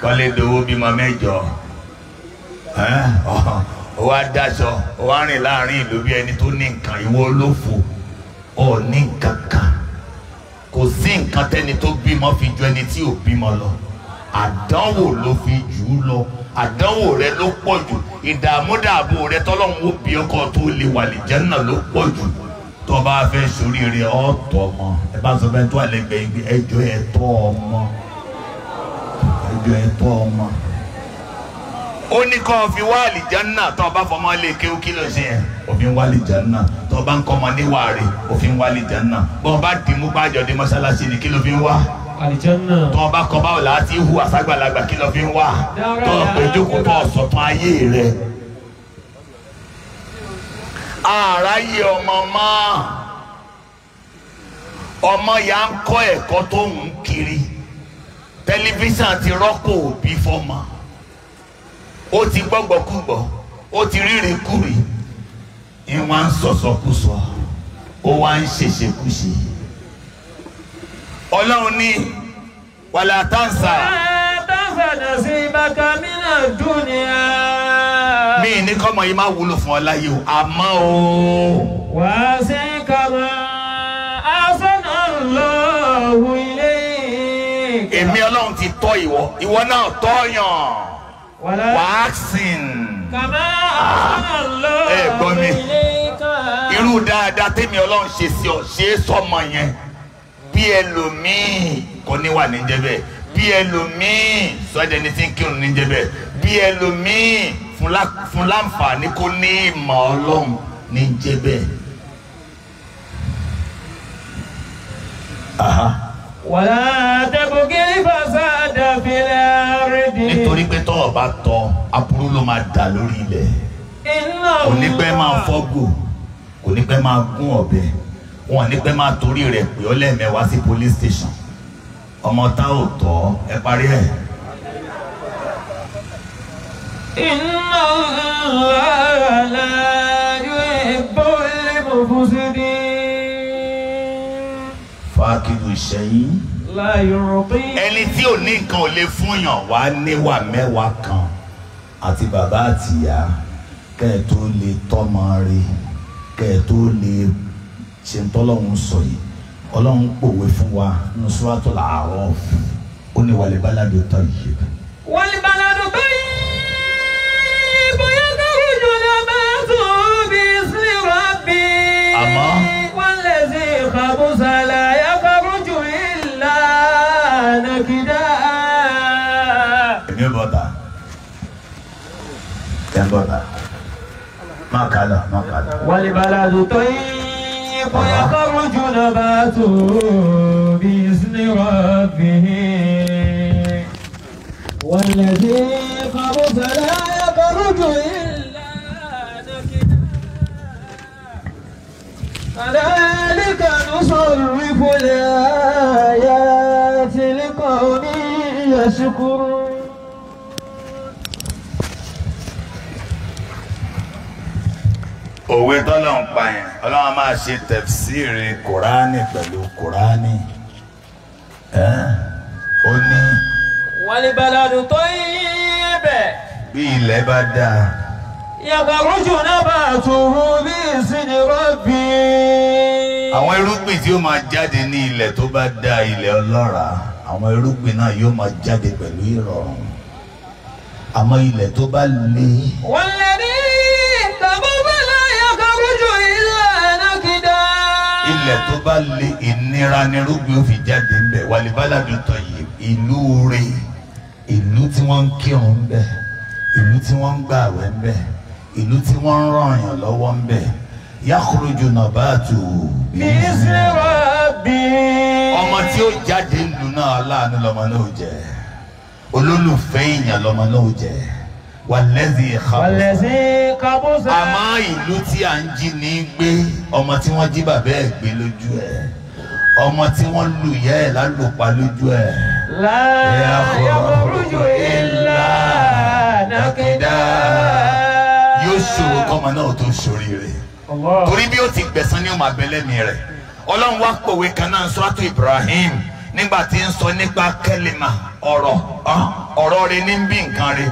[SPEAKER 1] kọ́lé dowó bímọ mẹ́jọ ó wá dáṣọ ó wá rìn láàrin ìlú bí ẹni tó ní nǹkan ìwọ olófò ó ní nǹkan kan kò sí nǹkan tẹ́ni tó fi ju ẹni tí ò bímọ lọ àdánwò ló fi jù ú lọ àdánwò rẹ ló pọ̀ jù ìdààmú dààbò rẹ tọ́lọ́run ó bí ọkọ tó lè wà lè jẹ́ náà ló pọ̀ jù tó bá fẹ́ ṣoríire ọ̀tọ̀ ọmọ ẹ bá sọ fẹ́ tó àlẹ́gbẹ̀ẹ́ ẹjọ́ ẹ̀tọ́ ọmọ ẹjọ́ ẹ̀tọ́ ọmọ ó ní kó fi wá àlìjánná tó o bá fọmọ lé ké o kí ló ṣe yẹn òfin wá àlìjánná tó o bá ń kọ́ ọmọ níwà rẹ̀ òfin wá àlìjánná bó o bá dìímú pàjọ́ dé mọ́sálásí ni kí ló fi ń wá àlìjánná tó o bá kọ́ báwo láti hu àságbàlagbà kí ló fi ń wá tó o pè jókòó tó o sọ̀tàn ayé rẹ̀ àráyé ọmọ máa ọmọ yà ń kọ́ ẹ̀kọ́ tó ń kiri tẹlifíṣàn ti rọ́pò òbí fọmọ ó ti gbọ́gbọ́kúgbọ́ ó ti ríre kúrì ìwọ̀n ń sọ̀sọ̀kúsọ ó wá ń ṣèṣekúṣe ọlọ́run ní wàlá táǹsà.
[SPEAKER 2] táǹsà nà sí ibaka mínà dúnìá. mi
[SPEAKER 1] ní kọ́mọ yìí máa wúlò fún ọ láyé o àmọ́ o. wà á sí kàmá àfẹ́nà lọ́wọ́ ilé. èmi ọlọ́run ti tọ́ ìwọ ìwọ náà tọ́ yàn. Waxing.
[SPEAKER 2] kàmá àlọ́ ẹ gbọ́ mi irú
[SPEAKER 1] dáadáa tèmi ọlọ́run ṣe sí ọ ṣe é sọmọ yẹn bí ẹlòmíì kò ní wà ní jẹ́bẹ̀ bí ẹlòmíì sọ́jà ní tí ń kírun ní jẹ́bẹ̀ bí ẹlòmíì fún láǹfààní kò ní ìmọ̀ ọlọ́run ní jẹ́bẹ̀. Aha. Uh-huh wàlá tẹ́bùkì fasada fil ardi. nítorí pé tọ́ ọ bá tọ aburú ló máa dà lórí ilẹ̀
[SPEAKER 2] kò ní pẹ́ máa
[SPEAKER 1] fọ́gò kò ní pẹ́ máa gún ọ̀bẹ wọn ní pẹ́ máa torí rẹ̀ pé ó lẹ́ẹ̀mẹ́wàá sí police station ọmọ tá ò tọ́ ẹ parí ẹ̀.
[SPEAKER 2] inna Allah la yuhibbul mufsidin
[SPEAKER 1] fàákìlù ṣẹ́yìn. láyọ̀rọ̀bí. ẹni tí ò ní nǹkan ò lè fún yàn wá níwà mẹ́wàá kan àti bàbá àtìyá kẹ́ ẹ̀ tó lè tọ́mọ rẹ̀ kẹ́ ẹ̀ tó lè ṣe ń tọ́lọ́hún sọ yìí ọlọ́run pòwe fún wa nusratul A'raf ó ní wàlẹ̀ bá ládùn tán yìí. wàlẹ̀ bá makala makala.
[SPEAKER 2] wàlẹ̀ baladu tó yí bóyá kọ́rọ̀ jùlọ bá tó bí ismi rọ̀bì. wàlẹ̀ tí kọ́rọ̀ sọ̀rọ̀ kọ́rọ̀ jù ilà dọ́kítà. كذلك نصرف الآيات لقوم
[SPEAKER 1] òwe tọ́lọ́run pa yẹn ọlọ́run máa ṣe tẹ̀fsíìrì kùránì pẹ̀lú kùránì ó ní.
[SPEAKER 2] wàlìbàlàdù tó yé bẹ̀.
[SPEAKER 1] bí ilẹ̀ bá dáa.
[SPEAKER 2] yàgàrújù náà bá tòun bí ìsinmi rọ́bì. àwọn
[SPEAKER 1] irúgbìn tí ó máa jáde ní ilẹ̀ tó bá dáa ilẹ̀ ọlọ́ràá àwọn irúgbìn náà yóò máa jáde pẹ̀lú ìrọ̀rùn àmọ́ ilẹ̀ tó bá le. wọ́n
[SPEAKER 2] lé ilẹ̀
[SPEAKER 1] tó bá le ìnira ni irúgbìn ó fi jáde ńbẹ wàlẹ̀ bálàdù tọ̀ yìí ìlú rè ìlú tí wọ́n ń kírun ńbẹ ìlú tí wọ́n ń gbààwẹ̀ ńbẹ ìlú tí wọ́n ń rọ̀yàn lọ́wọ́ ńbẹ yakhruju nabatu. mi sèrè bí. ọmọ tí ó jáde ńlù náà aláàánú lọmọ náà jẹ olólùfẹ́ èèyàn lọmọ náà jẹ wàlẹ́sì kàbọ̀sà kàbọ̀sà àmọ́ ìlú tí à ń jí ní gbé ọmọ tí wọ́n jí bàbá ẹ̀ gbé lójú ẹ̀ ọmọ tí wọ́n lù yẹ ẹ̀ lálùpà lójú ẹ̀.
[SPEAKER 2] láyà ọ̀rọ̀jù
[SPEAKER 1] ìlà nàkídà. yóò ṣòro kọ́mọ náà tó ṣoríire torí bí ó ti gbẹ̀san ní ọmọ abẹ́lẹ́mi rẹ̀ ọlọ́run wá pòwe kan náà sọ́tò Ibrahim nígbà tí ń sọ nípa kẹlẹ́mà ọ̀rọ̀ ọ̀rọ̀ rẹ̀ ní bí nǹkan rẹ̀.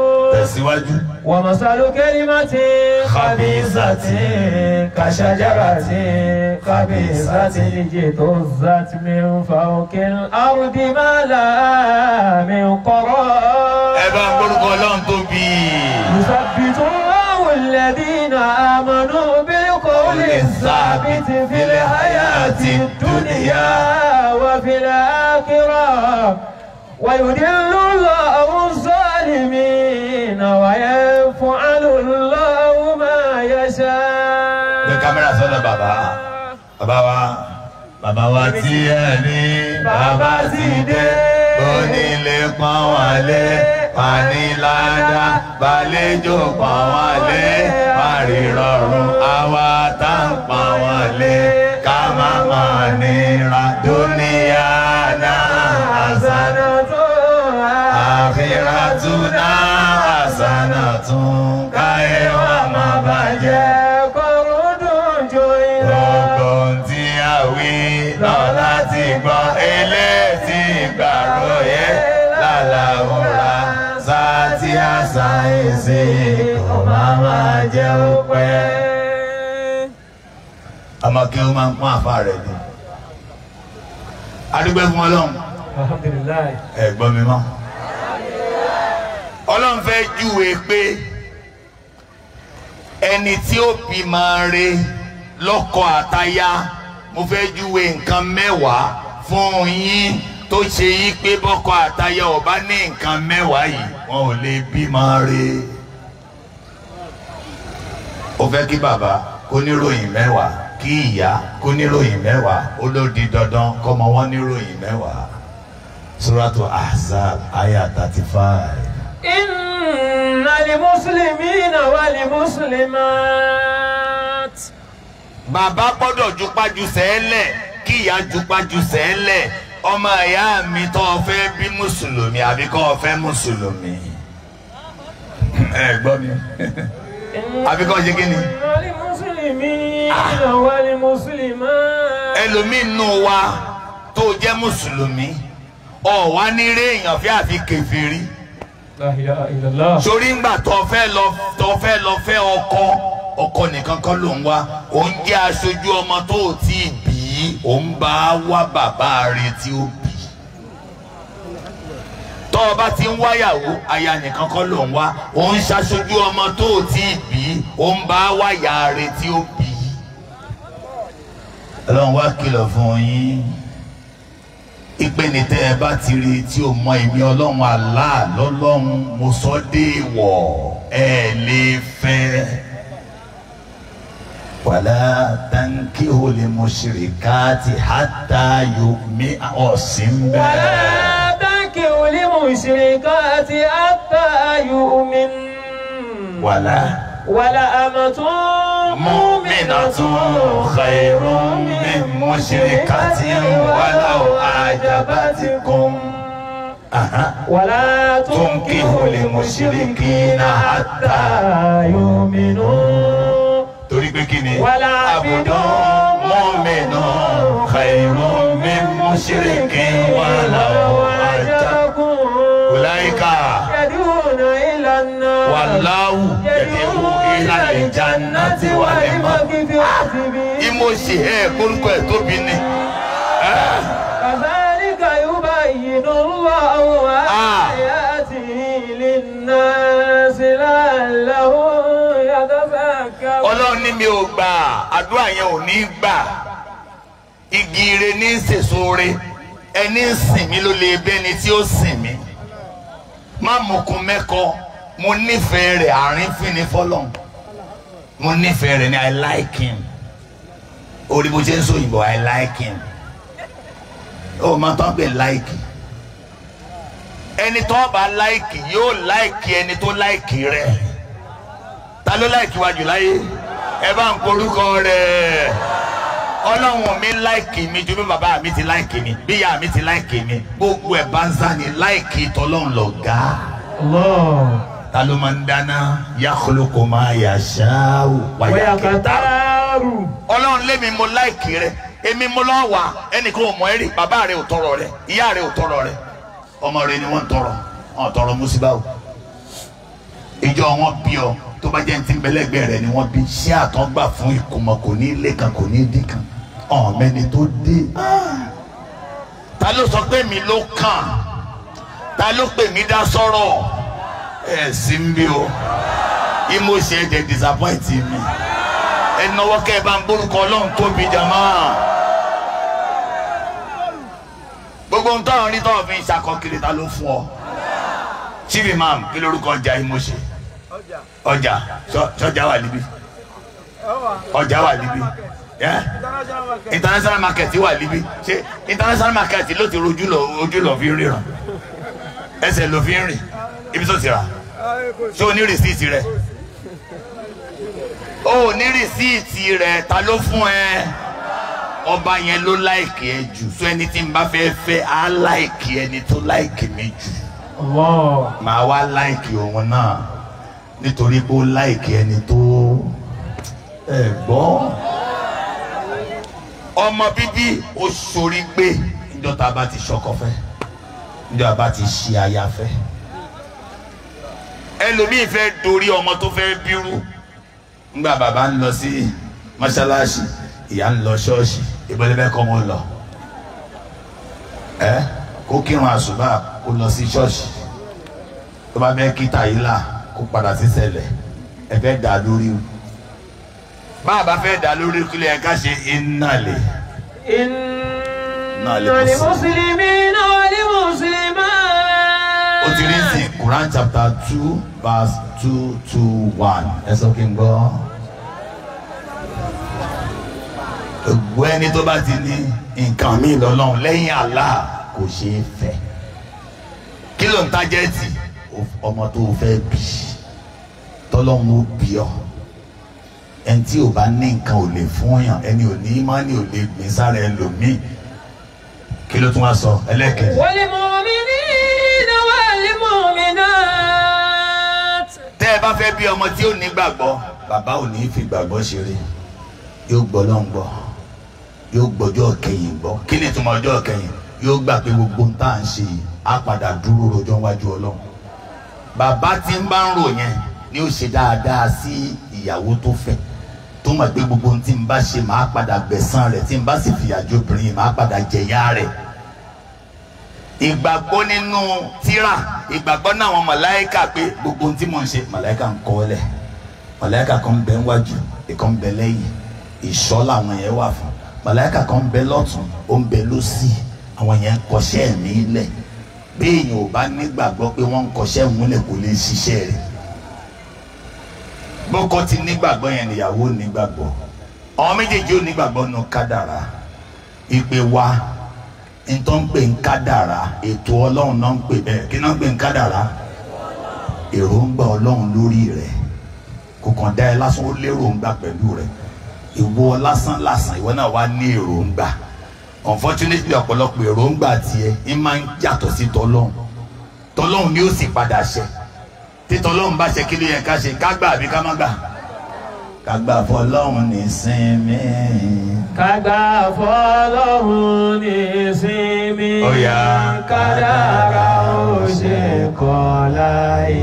[SPEAKER 2] síwájú. wa masalu kalimatin khabisatin kashajaratin khabisatin jituzzat min fawqil ardi ma laha min
[SPEAKER 1] qarar. ẹ bá ń gbórúkọ ọlọ́run tóbi.
[SPEAKER 2] yusabbitu Allahu alladhina amanu bil qawli thabiti fil
[SPEAKER 1] hayati dunya
[SPEAKER 2] wa fil akhirah wa yudillu Allahu. الظالمين ويفعل الله ما يشاء
[SPEAKER 1] The camera sọ́nà bàbá bàbá wa bàbá wa tí ẹ ní bàbá sì dé onílé pọ́n wálé panilada balẹ̀jọ́ pọ́n wálé àrírọ̀rùn àwa tá ń pọ́n wálé ká má sáyẹ́nsì kò máa máa jẹ́ ó pẹ́. àmọ́ kí wọ́n máa ń pọ́n àfa rẹ̀ ni. adúgbò fún ọlọ́run. ẹ gbọ́ mi mọ́. ọlọ́run fẹ́ júwe pé ẹni tí ó bímọ re lọ́kọ àtaya mo fẹ́ júwe nǹkan mẹ́wàá fún yín tó ṣe yí pé bọ́kọ àtaya ọba ní nǹkan mẹ́wàá yìí wọn ò lè bímọ rí o fẹ́ kí bàbá kó níròyìn mẹ́wàá kí ìyá kó níròyìn mẹ́wàá ó ló di dandan kọ́mọ wọn níròyìn mẹ́wàá suratu ahzab aya thirty five.
[SPEAKER 2] إن المسلمين والمسلمات
[SPEAKER 1] bàbá gbọ́dọ̀ jupajù sẹ́ẹ̀lẹ̀ kíyà jupajù sẹ́ẹ̀lẹ̀ ọmọ ìyá mi tó o fẹ́ bí mùsùlùmí àbí kó fẹ́ mùsùlùmí ẹ gbọ́ mi àbí kó o ṣe kí ni. ẹlòmíín nù wa tó jẹ́ mùsùlùmí ọ̀ wá ní rí èèyàn fí àfi kèfèrí sórí ńgbà tó fẹ́ lọ tó fẹ́ lọ fẹ́ ọkọ ọkọ nìkan kọ́ ló ń wá òun jẹ́ aṣojú ọmọ tó ti bí yìí ò ń bá wá bàbá rẹ tí ó bí tọ́ ọ bá ti ń wáyàwó aya nìkan kọ́ ló ń wá ò ń ṣaṣojú ọmọ tó o ti bí ò ń bá wáyà rẹ tí ó bí ọlọ́run wá kìlọ̀ fún yín ìpè tẹ́ ẹ bá ti rí tí o mọ èmi ọlọ́run Allah lọ́lọ́run mo sọ dé ìwọ̀ ẹ lè fẹ́. ولا تنكه لمشركات حتى يؤمئ أوسم ولا
[SPEAKER 2] تنكه
[SPEAKER 1] لمشركات
[SPEAKER 2] حتى يؤمن ولا ولا أمة
[SPEAKER 1] مؤمنة خير من مشركات ولو أعجبتكم أه. ولا تنكه لمشركين حتى يؤمنون torí pé kí ni. wàlá àbùdán mọ́mìnà khairun min mushrikin wàlá
[SPEAKER 2] àjàkùn. wùláyíká.
[SPEAKER 1] yad'una ila an-nar. wàláwù yad'u ila al-jannati wal maghfirah. ìmọ̀ọ́sì ẹ̀ kórúkọ ẹ̀ tóbi ni. kazalika yubayyinu Allahu. Ah! ní mi ò gbà àdúrà yẹn ò ní gbà igi ire ní sèsoore ẹni ń sìn mí ló lè bẹ́ni tí ó sìn mí má mokun mẹ́kọ mo nífẹ̀ẹ́ rẹ̀ àárín fínni fọlọ́n mo nífẹ̀ẹ́ rẹ̀ ni I like him orí mo jẹ́ ń sọ I like him ó máa tán pé like ẹni tó bá like yóò like ẹni tó like rẹ̀ ta ló like wájú láyé. Like ẹ bá ń korúkọ rẹ̀ ọlọ́run mi láìkì mi ju bí bàbá mi ti láìkì mi bí ìyá mi ti láìkì mi gbogbo ẹ̀ bá ń sá ni láìkì tọ́lọ́run lọ ga. ta ló máa ń dáná yakoloko máa yà ṣááwó wáyà kẹtàrú. ọlọ́run lé mi mo láìkì rẹ èmi mo lọ́ wà ẹnìkan ò mọ̀ ẹ́ rí bàbá rẹ ò tọrọ rẹ ìyá rẹ ò tọrọ rẹ ọmọ rẹ ni wọ́n ń tọrọ wọn ò tọrọ mùsíbà o ìjọ wọn bí ọ tó bá jẹ́ ti mẹ́lẹ́gbẹ́ rẹ̀ ni wọ́n bí ṣé àtọ́ gbà fún ìkómọ kò ní ilé kan kò ní dì kan ọ̀n mẹ́ni tó dé. ta ló sọ pé mi ló kàn ta ló pè mí dá sọ́rọ̀ ẹ̀ sí ń bí o ìmọ̀ọ́sẹ̀ ẹ̀jẹ̀ disappoint mi ẹ̀ kẹ́ ẹ bá ń gbórúkọ ọlọ́run tóbi jàmáà gbogbo ń tọrọ ní tọrọ fi kiri ta ló fún ọ chief imam kí lorúkọ ọjà yìí mo ṣe ọjà sọjà wà níbí ọjà wà níbí international market wà níbí ṣe international market ló ti rojú lọ ojú lọ fi ríran ẹsẹ̀ ló fi ń rìn ibi tó ti rà
[SPEAKER 2] ṣé o ní rìsíìtì
[SPEAKER 1] rẹ o ní rìsíìtì rẹ ta ló fún ẹ ọba yẹn ló láìkì ẹ jù so ẹni tí n bá fẹ́ fẹ́ á láìkì ẹni tó láìkì mi jù màá wá láìkì òun náà nítorí pé ó láìkí ẹni tó ẹ gbọ́ ọmọ bíbí ó sorí gbé níjọ́ tá a bá ti ṣọkọ fẹ́ níjọ́ tá a bá ti ṣe aya fẹ́ ẹlòmíì fẹ́ dorí ọmọ tó fẹ́ bírú ńgbà bàbá ń lọ sí mọ́ṣáláṣí ìyá ń lọ ṣọ́ọ̀ṣì ìbọ̀lẹ́bẹ́ kọ́ mọ́ lọ ẹ kó kírun àṣùbà kó lọ sí ṣọ́ọ̀ṣì tó bá fẹ́ kí tàyí là kó padà sí sẹlẹ̀ ẹ fẹ́ dà lórí o bá a bá fẹ́ dà lórí kílẹ̀ ẹ ká ṣe iná lè. mùsùlùmí
[SPEAKER 2] náà mùsùlùmá. ó ti rí
[SPEAKER 1] sí Quran chapter two verse two two one ẹ sọ kí n gbọ́. gbogbo ẹni tó bá ti ní nǹkan míì lọ́lọ́run lẹ́yìn Allah kò ṣeé fẹ́ kí ló ń tajẹ́ ọmọ tó fẹ́ bí i tọ́lọ́run ó bí ọ ẹni tí ò bá ní nǹkan ò lè fún yàn ẹni ò ní má ní ò lè gbìn sára ẹlòmíì kí ló tún wá sọ ẹlẹ́kẹ̀ẹ́. wọlé
[SPEAKER 2] mọ́ mi ní ìnáwó àlímọ̀ mi náà.
[SPEAKER 1] tẹ́ ẹ bá fẹ́ bí ọmọ tí ò ní gbàgbọ́ bàbá ò ní fi gbàgbọ́ ṣeré yóò gbọ́ lọ́n gbọ́ yóò gbọ́jọ́ kẹyìn gbọ́ kí ni ìtumọ̀ ọjọ́ kẹyìn yóò gbà pé gbogbo ń tá à ń ṣe yìí á padà dúró rojọ́ wájú ọlọ́run bàbá tí ń bá ń rò ni ó ṣe dáadáa sí ìyàwó tó fẹ́ tó mọ̀ pé gbogbo ohun tí n bá ṣe máa padà gbẹ̀san rẹ̀ tí n bá sì fìyà jẹ obìnrin máa padà jẹ̀yà rẹ̀ ìgbàgbọ́ nínú tírà ìgbàgbọ́ náà àwọn màláìka pé gbogbo tí mò ń ṣe màláìka ń kọ́ lẹ̀ màláìka kan bẹ níwájú ìkan ń bẹ lẹ́yìn ìṣọ́ làwọn yẹn wà fún màláìka kan bẹ lọ́tún ó ń bẹ lọ́sì àwọn yẹn ń kọṣẹ́ mi lẹ̀ bí èèyàn ò bá nígbàgbọ́ pé wọ́n ń kọṣẹ́ múlẹ̀ kò lè ṣiṣẹ́ rẹ̀ bọ́kọ ti nígbàgbọ́ yẹn níyàwó nígbàgbọ́ àwọn méjèèjì ò nígbàgbọ́ nu kádàrá ìpè wa ntọ́ ń pè ń kádàrá ètò ọlọ́run náà ń pè bẹ́ẹ̀ kí náà ń pè ń kádàrá èròǹgbà ọlọ́run lórí rẹ̀ kò kàn dá ẹ lásán ó léròǹgbà pẹ̀lú rẹ̀ ìwọ lásán lásán ìwọ náà wá ní èròǹgbà unfortunately ọ̀pọ̀lọpọ̀ èròǹgbà tiẹ̀ ń máa ń yàtọ̀ sí tọlọ́run tọlọ́run ni ó sì padà ṣẹ títọ́ lọ́hùn bá ṣe kí ló yẹ ká ṣe ká gbà àbí ká má gbà ká gbà fọlọ́hùn nísinmi. ká gbà fọlọ́hùn
[SPEAKER 2] nísinmi. ó yá kádàrá ó ṣe kọ́
[SPEAKER 1] láì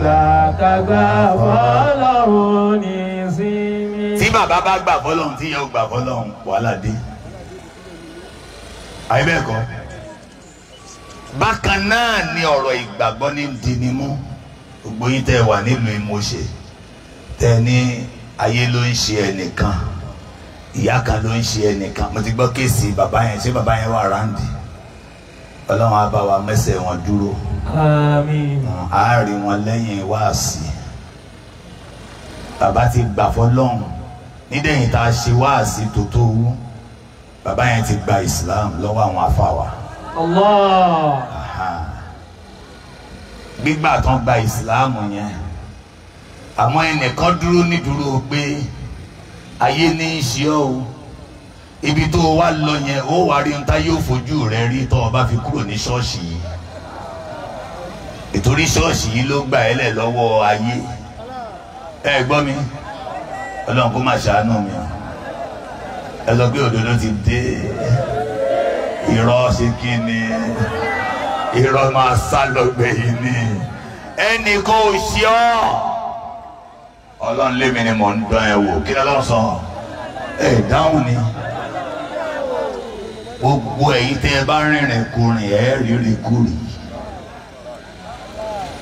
[SPEAKER 1] gbà ká gbà fọlọ́hùn nísinmi. tí bàbá bá gbà fọlọ́hùn tí yóò gbà fọlọ́hùn wàhálà dé. àyè bẹ́ẹ̀ kọ́ bákan náà ni ọ̀rọ̀ ìgbàgbọ́ ní dinimu gbogbo yín tẹ́ wà nílùú Ìmọ̀ṣẹ́ tẹ́ ní ayé ló ń ṣe ẹnìkan ìyá kan ló ń ṣe ẹnìkan mo ti gbọ́ kéèsì bàbá yẹn ṣé bàbá yẹn wà ráǹdì ọlọ́run á wa mẹ́sẹ̀ wọn dúró
[SPEAKER 2] àmín
[SPEAKER 1] wọn lẹ́yìn wáàsí bàbá ti gbà fọlọ́run nídẹ̀yìn tá a ṣe wáàsí tó tó wú bàbá yẹn ti gba Islam lọ́wọ́ àwọn afáwa gbígbà tán gba ìsìláàmù yẹn àmọ́ ẹnìkan dúró nídúró pé ayé ní í ṣe ọ́ o ibi tó o wá lọ yẹn ó wá rí nta yóò fojú rẹ rí tó o bá fi kúrò ní ṣọ́ọ̀ṣì yìí ìtorí ṣọ́ọ̀ṣì yìí ló gbà ẹ́ lẹ̀ lọ́wọ́ ayé ẹ gbọ́ mi ọlọ́run kó má ṣàánú mi o ẹ sọ pé òdodo ti dé irọ́ ṣe kí ni irọ́ máa sá lọ́gbẹ̀ yìí ni ẹnì kan ò ṣe ọ́ ọlọ́run lémi ni mò ń dán ẹ wò kí lọ́lọ́run sọ ẹ dáhùn ni gbogbo ẹ̀yin tẹ́ ẹ bá rìnrìn kùrìn ẹ rírì kùrì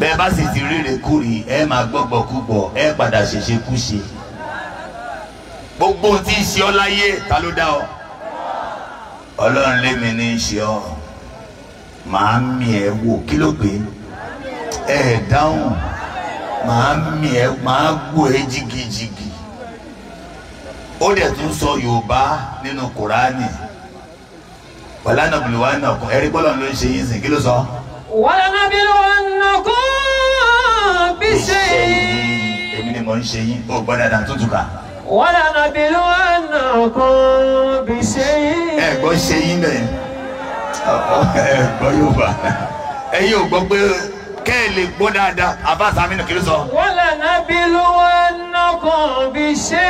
[SPEAKER 1] bẹ́ẹ̀ bá sì ti rírì kùrì ẹ máa gbọ́gbọ́ kúgbọ̀ ẹ padà ṣèṣe kúṣe gbogbo tí ṣe ọ láyé ta ló dá ọ ọlọ́run lémi ni ṣe ọ màá mi ẹ wò kí ló gbé ẹ dáhùn màá mi ẹ màá gbó ẹ jigijigi ó dẹ̀ tún sọ Yorùbá nínú Kùránì wàlá nàbìlì wà nà kún ẹ̀rí bọ́lá ló ń ṣe yín sìn kí ló sọ.
[SPEAKER 2] wàlá nàbìlì wà nà kún bí ṣe
[SPEAKER 1] yín. èmi ni mò ń ṣe yín ó gbọ́dọ̀ dà tútù ká.
[SPEAKER 2] wàlá nàbìlì wà nà bí ṣe yín.
[SPEAKER 1] ẹ gbọ́ ṣe yín bẹ́ẹ̀ ẹ̀gbọ́n yóò bá ẹ̀yin ò gbọ́ pé kẹ́ ẹ lè gbọ́ dáadáa àbá sàmínú kiri sọ.
[SPEAKER 2] wọ́n lè ná bí lówó nọkàn bí ṣe.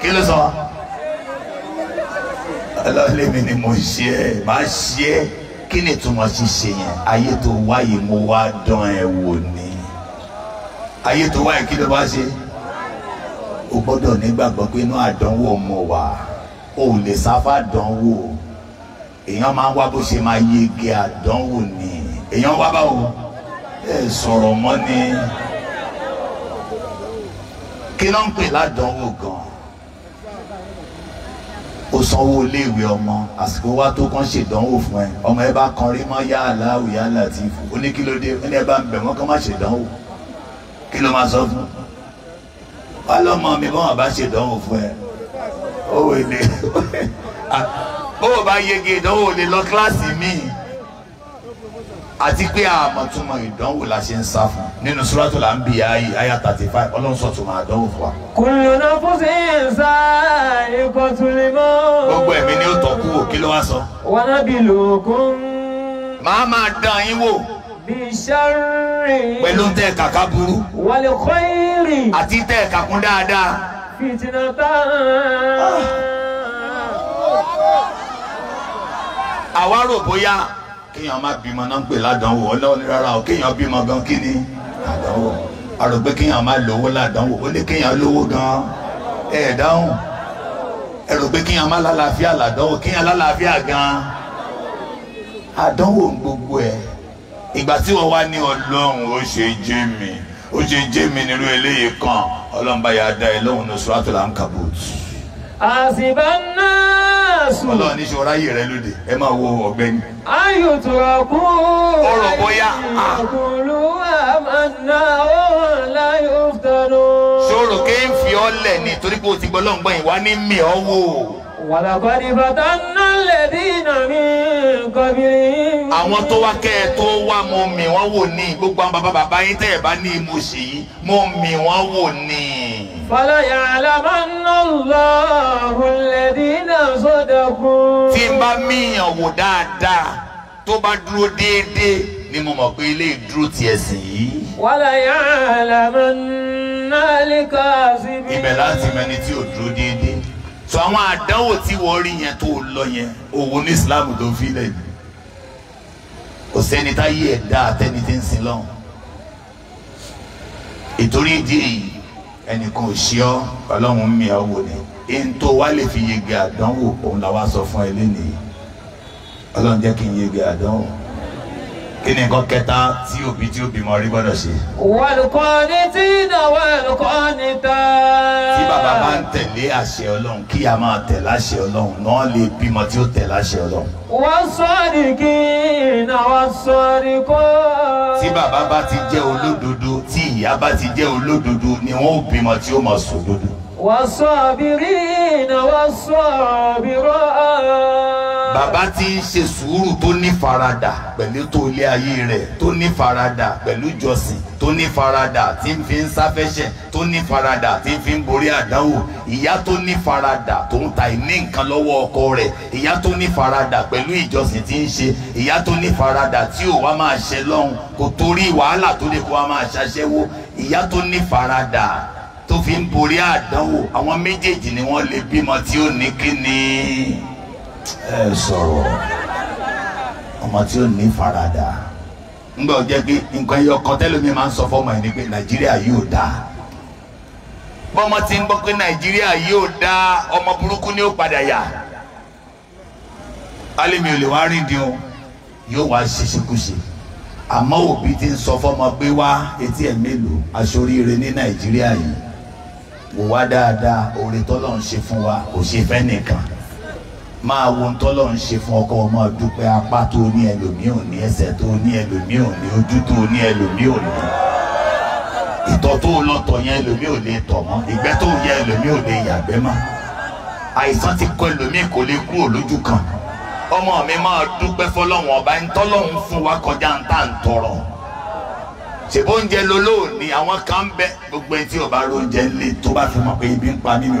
[SPEAKER 1] kí ló sọ. ọlọ́lé mi ni mo ṣe ẹ́ máa ṣe ẹ́ kí ni túmọ̀ sí ṣe yẹn ayé tó wáyé mo wá dán ẹ wò ni ayé tó wáyé kí ló bá ṣe o gbọ́dọ̀ nígbàgbọ́ pé inú àdánwò mo wà o ò lè sáfà dánwò èèyàn máa wá bó ṣe máa yege àdánwò ni èèyàn wá báwo ẹ sọ̀rọ̀ mọ́ ni kí ló ń pè ládánwò gan o sanwó iléèwé ọmọ àsìkò wa tó kàn ṣèdánwò fún ẹ ọmọ ẹ bá kan rí mọ yá aláwò yá látìfù ó ní kí ló dé ó ní ẹ bá ń bẹ̀ wọ́n kàn má ṣèdánwò kí ló máa sọ fún wa lọ́mọ mi bọ́n àbá ṣèdánwò fún ẹ ó wèlé. bó o bá yege ìdánwò lè lọ kíláàsì míì àti pé àmọ̀túnmọ̀ ìdánwò la ṣe ń sá fún nínú Suratul Anbiya àyà thirty five ọlọ́run sọ máa dánwò fún wa.
[SPEAKER 2] kullu nafsin za'iqatul maut. gbogbo
[SPEAKER 1] ẹ̀mí ni ó tọ́ kú wò kí ló wá sọ.
[SPEAKER 2] wa nabluukum. màá máa dán yín wò. bi sharri. pẹ̀lú tẹ́ kàkà burú. wal khairi. àti tẹ́
[SPEAKER 1] kàkún dáadáa. fìtínà tán. Ah. àwa rò bóyá kéèyàn má bímọ náà ń pè ládánwò ọlọ́run ní rárá o kéèyàn bímọ gan kí ni àdánwò a rò pé kéèyàn má lówó ládánwò ó ní kéèyàn lówó gan ẹ̀ dáhùn ẹ rò pé kéèyàn má lálàáfíà ládánwò kéèyàn lálàáfíà gan àdánwò gbogbo ẹ̀ ìgbà tí wọ́n wá ní ọlọ́run ó ṣe jẹ́ mi ó ṣe jẹ́ mi nírú eléyìí kan ọlọ́run bá yà á dá ẹ lóhùn ní suratul ankabut
[SPEAKER 2] àṣìbá náà
[SPEAKER 1] sùn. ọlọ́run ní sọ̀rọ̀ ayé rẹ lóde ẹ máa wo ọ̀gbẹ́ni.
[SPEAKER 2] ayò tura kú. ọ̀rọ̀ bóyá. àkùnlù àmàna òun láyò tẹnu. sọ̀rọ̀
[SPEAKER 1] kéé fi ọ́ lẹ̀ ni torí pé o ti gbọ́ lọ́ngbọ́n ìwá ní mi ọ́ wò. wàlàkọ́ni bàtà ńlá lẹ́bí iná mi kọ́bìrín. àwọn tó wá kẹ́ ẹ tó wá mọ́ mi wọ́n wò ní gbogbo àwọn bàbá bàbá yín tẹ́ ẹ bá ní ìmọ̀ọ́sì yìí mọ́ mi wọ́n wò ní fàlàyàlámánà lọ́hùn lẹ́dínà sọ́dọ̀kùn. tí n bá míyàn wò dáadáa tó bá dúró déédéé ni mo mọ̀ pé ilé ìdúró tiẹ̀ sì yìí. wàlàyàlámánà lè kọ́ àṣìbí. ibẹ̀ láti mẹni tí ò dúró déédéé so àwọn àdánwò tí wọ́n rí yẹn tó lọ yẹn òwò ní Islam tó fi lẹ̀ yìí kò sẹ́ni táyé ẹ̀dá àtẹ́ni tí ń sin lọ́hùn ìtorí ìdí èyí ẹnìkan ò ṣe ọ Ọlọ́run mi ọ wò ni ẹni tó wá lè fi yege àdánwò òun làwa sọ fún ẹ lẹ́nìí Ọlọ́run jẹ́ kí n yege àdánwò kí ni nǹkan kẹta tí òbí tí ó bímọ rí gbọ́dọ̀ ṣe.
[SPEAKER 2] wàlùkọ́ ni tí iná wàlùkọ́ ni tá. tí bàbá bá
[SPEAKER 1] ń tẹ̀lé àṣẹ ọlọ́run kí a máa tẹ̀lé àṣẹ ọlọ́run náà lè bímọ tí ó tẹ̀lé àṣẹ ọlọ́run.
[SPEAKER 2] wọ́n sọ́ọ̀rì kí iná wọ́n sọ́ọ̀rì kọ́.
[SPEAKER 1] tí bàbá bá ti jẹ́ olódodo tí ìyá bá ti jẹ́ olódodo ni wọ́n ó bímọ tí ó mọ̀ sódodo.
[SPEAKER 2] wọ́n sọ́ọ̀bìrì iná wọ́n sọ́ọ̀bìrọ̀
[SPEAKER 1] bàbá tí ń ṣe sùúrù tó ní faradà pẹ̀lú tó ilé ayé rẹ̀ tó ní faradà pẹ̀lú jọ̀sìn tó ní faradà tí ń fi ń sáfẹ́ṣẹ̀ tó ní faradà tí ń fi ń borí àdánwò ìyá tó ní faradà tó ń ta ìní nǹkan lọ́wọ́ ọkọ rẹ̀ ìyá tó ní faradà pẹ̀lú ìjọsìn tí ń ṣe ìyá tó ní faradà tí ò wá máa ṣe lọ́hùn kò torí wàhálà tó lè kó wá máa ṣaṣẹ́wó ìyá tó ní faradà tó fi ń borí àdánwò àwọn méjèèjì ni wọ́n lè bímọ tí ó ní kíni. ẹ sọ̀rọ̀ ọmọ tí ó ní faradà ńgbà ó jẹ́ pé nǹkan ẹyọ kan tẹ́lómi máa ń sọ fọ́mọ ẹ̀ ni pé nàìjíríà yóò dáa bọ́mọ ti ń gbọ́ pé nàìjíríà yóò dáa ọmọ burúkú ni ó padà yà alẹ́mi ò lè wá rìn dín o yóò wá ṣèṣekúṣe àmọ́ òbí ti ń sọ fọ́mọ pé wá etí ẹ̀ mélòó aṣoríire ní nàìjíríà yìí wò wá dáadáa oore tọ́lọ́run ṣe fún wa kò ṣe fẹ́ nìkan. máa wo ń tọ́lọ̀ ń ṣe fún ọkọ ọmọ dúpẹ́ apá tó ní ẹlòmíì ò ní ẹsẹ̀ tó ní ẹlòmíì ò ní ojú tó ní ẹlòmíì ò ní ìtọ̀ tó lọ tọ̀ yẹn ẹlòmíì ò lè tọ̀ mọ́ ìgbẹ́ tó yẹ ẹlòmíì ò lè yàgbẹ́ mọ́ àìsàn ti kọ ẹlòmíì kò lè kúrò lójú kan ọmọ mi máa dúpẹ́ fọlọ́wọ́n ọba ń tọ́lọ́hún fún wa kọjá ń tà ń tọrọ ṣèbó oúnjẹ lolóòní àwọn kan ń bẹ gbogbo etí ọba lóúnjẹ ńlẹ tó bá fi mọ pé ibi ń pa mí mi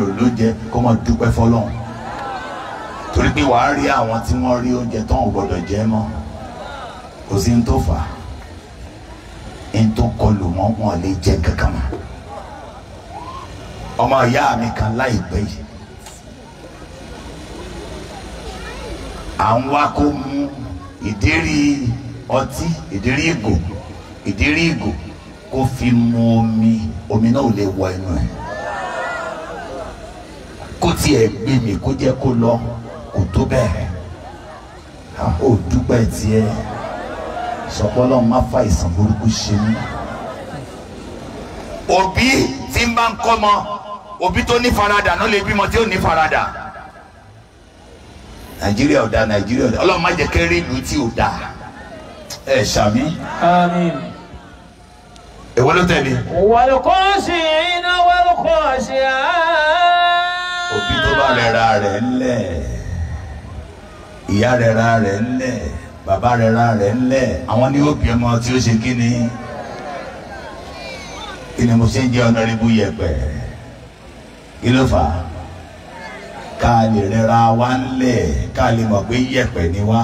[SPEAKER 1] torí pé wàá rí àwọn tí wọ́n rí oúnjẹ tó ń gbọ́dọ̀ jẹ mọ́ kò sí ní tó fà á ní tó kọlù wọn wọn lè jẹ kankan mọ́ ọmọ ìyá mi kan láìpẹ́ yìí à ń wá kó mú ìdérí ọtí ìdérí ìgò ìdérí ìgò kó fi mu omi omi náà lè wọ inú ẹ̀ kó tiẹ̀ gbé mi kó jẹ́ kó lọ kò tó bẹ́ẹ̀ a ó dúpẹ́ tiẹ̀ sọpọ́lọ́ má fa ìsàn burúkú ṣe mí. òbí tí ń bá ń kọ́ mọ òbí tó ní faradà náà lè bímọ tí ó ní faradà nàìjíríà ò da nàìjíríà ò da ọlọ́run má jẹ́ kẹ́rẹ́ ìlú tí ò da ẹ ṣàmì. àmín. ló tẹ̀lé.
[SPEAKER 2] wàlùkọ́sì iná wàlùkọ́sì á.
[SPEAKER 1] òbí tó bá rẹ̀ ra rẹ̀ ńlẹ̀ ìyá rẹ̀ ra rẹ̀ ńlẹ̀ bàbá rẹ̀ ra rẹ̀ ńlẹ̀ àwọn ní òbí ọmọ tí ó ṣe kíni kí ni mo ṣe ń jẹ́ ọ̀nàrẹ́bù yẹ̀pẹ̀ kí ló fà á ká lè rẹra wá ńlẹ̀ ká lè mọ̀ pé yẹ̀pẹ̀ ni wá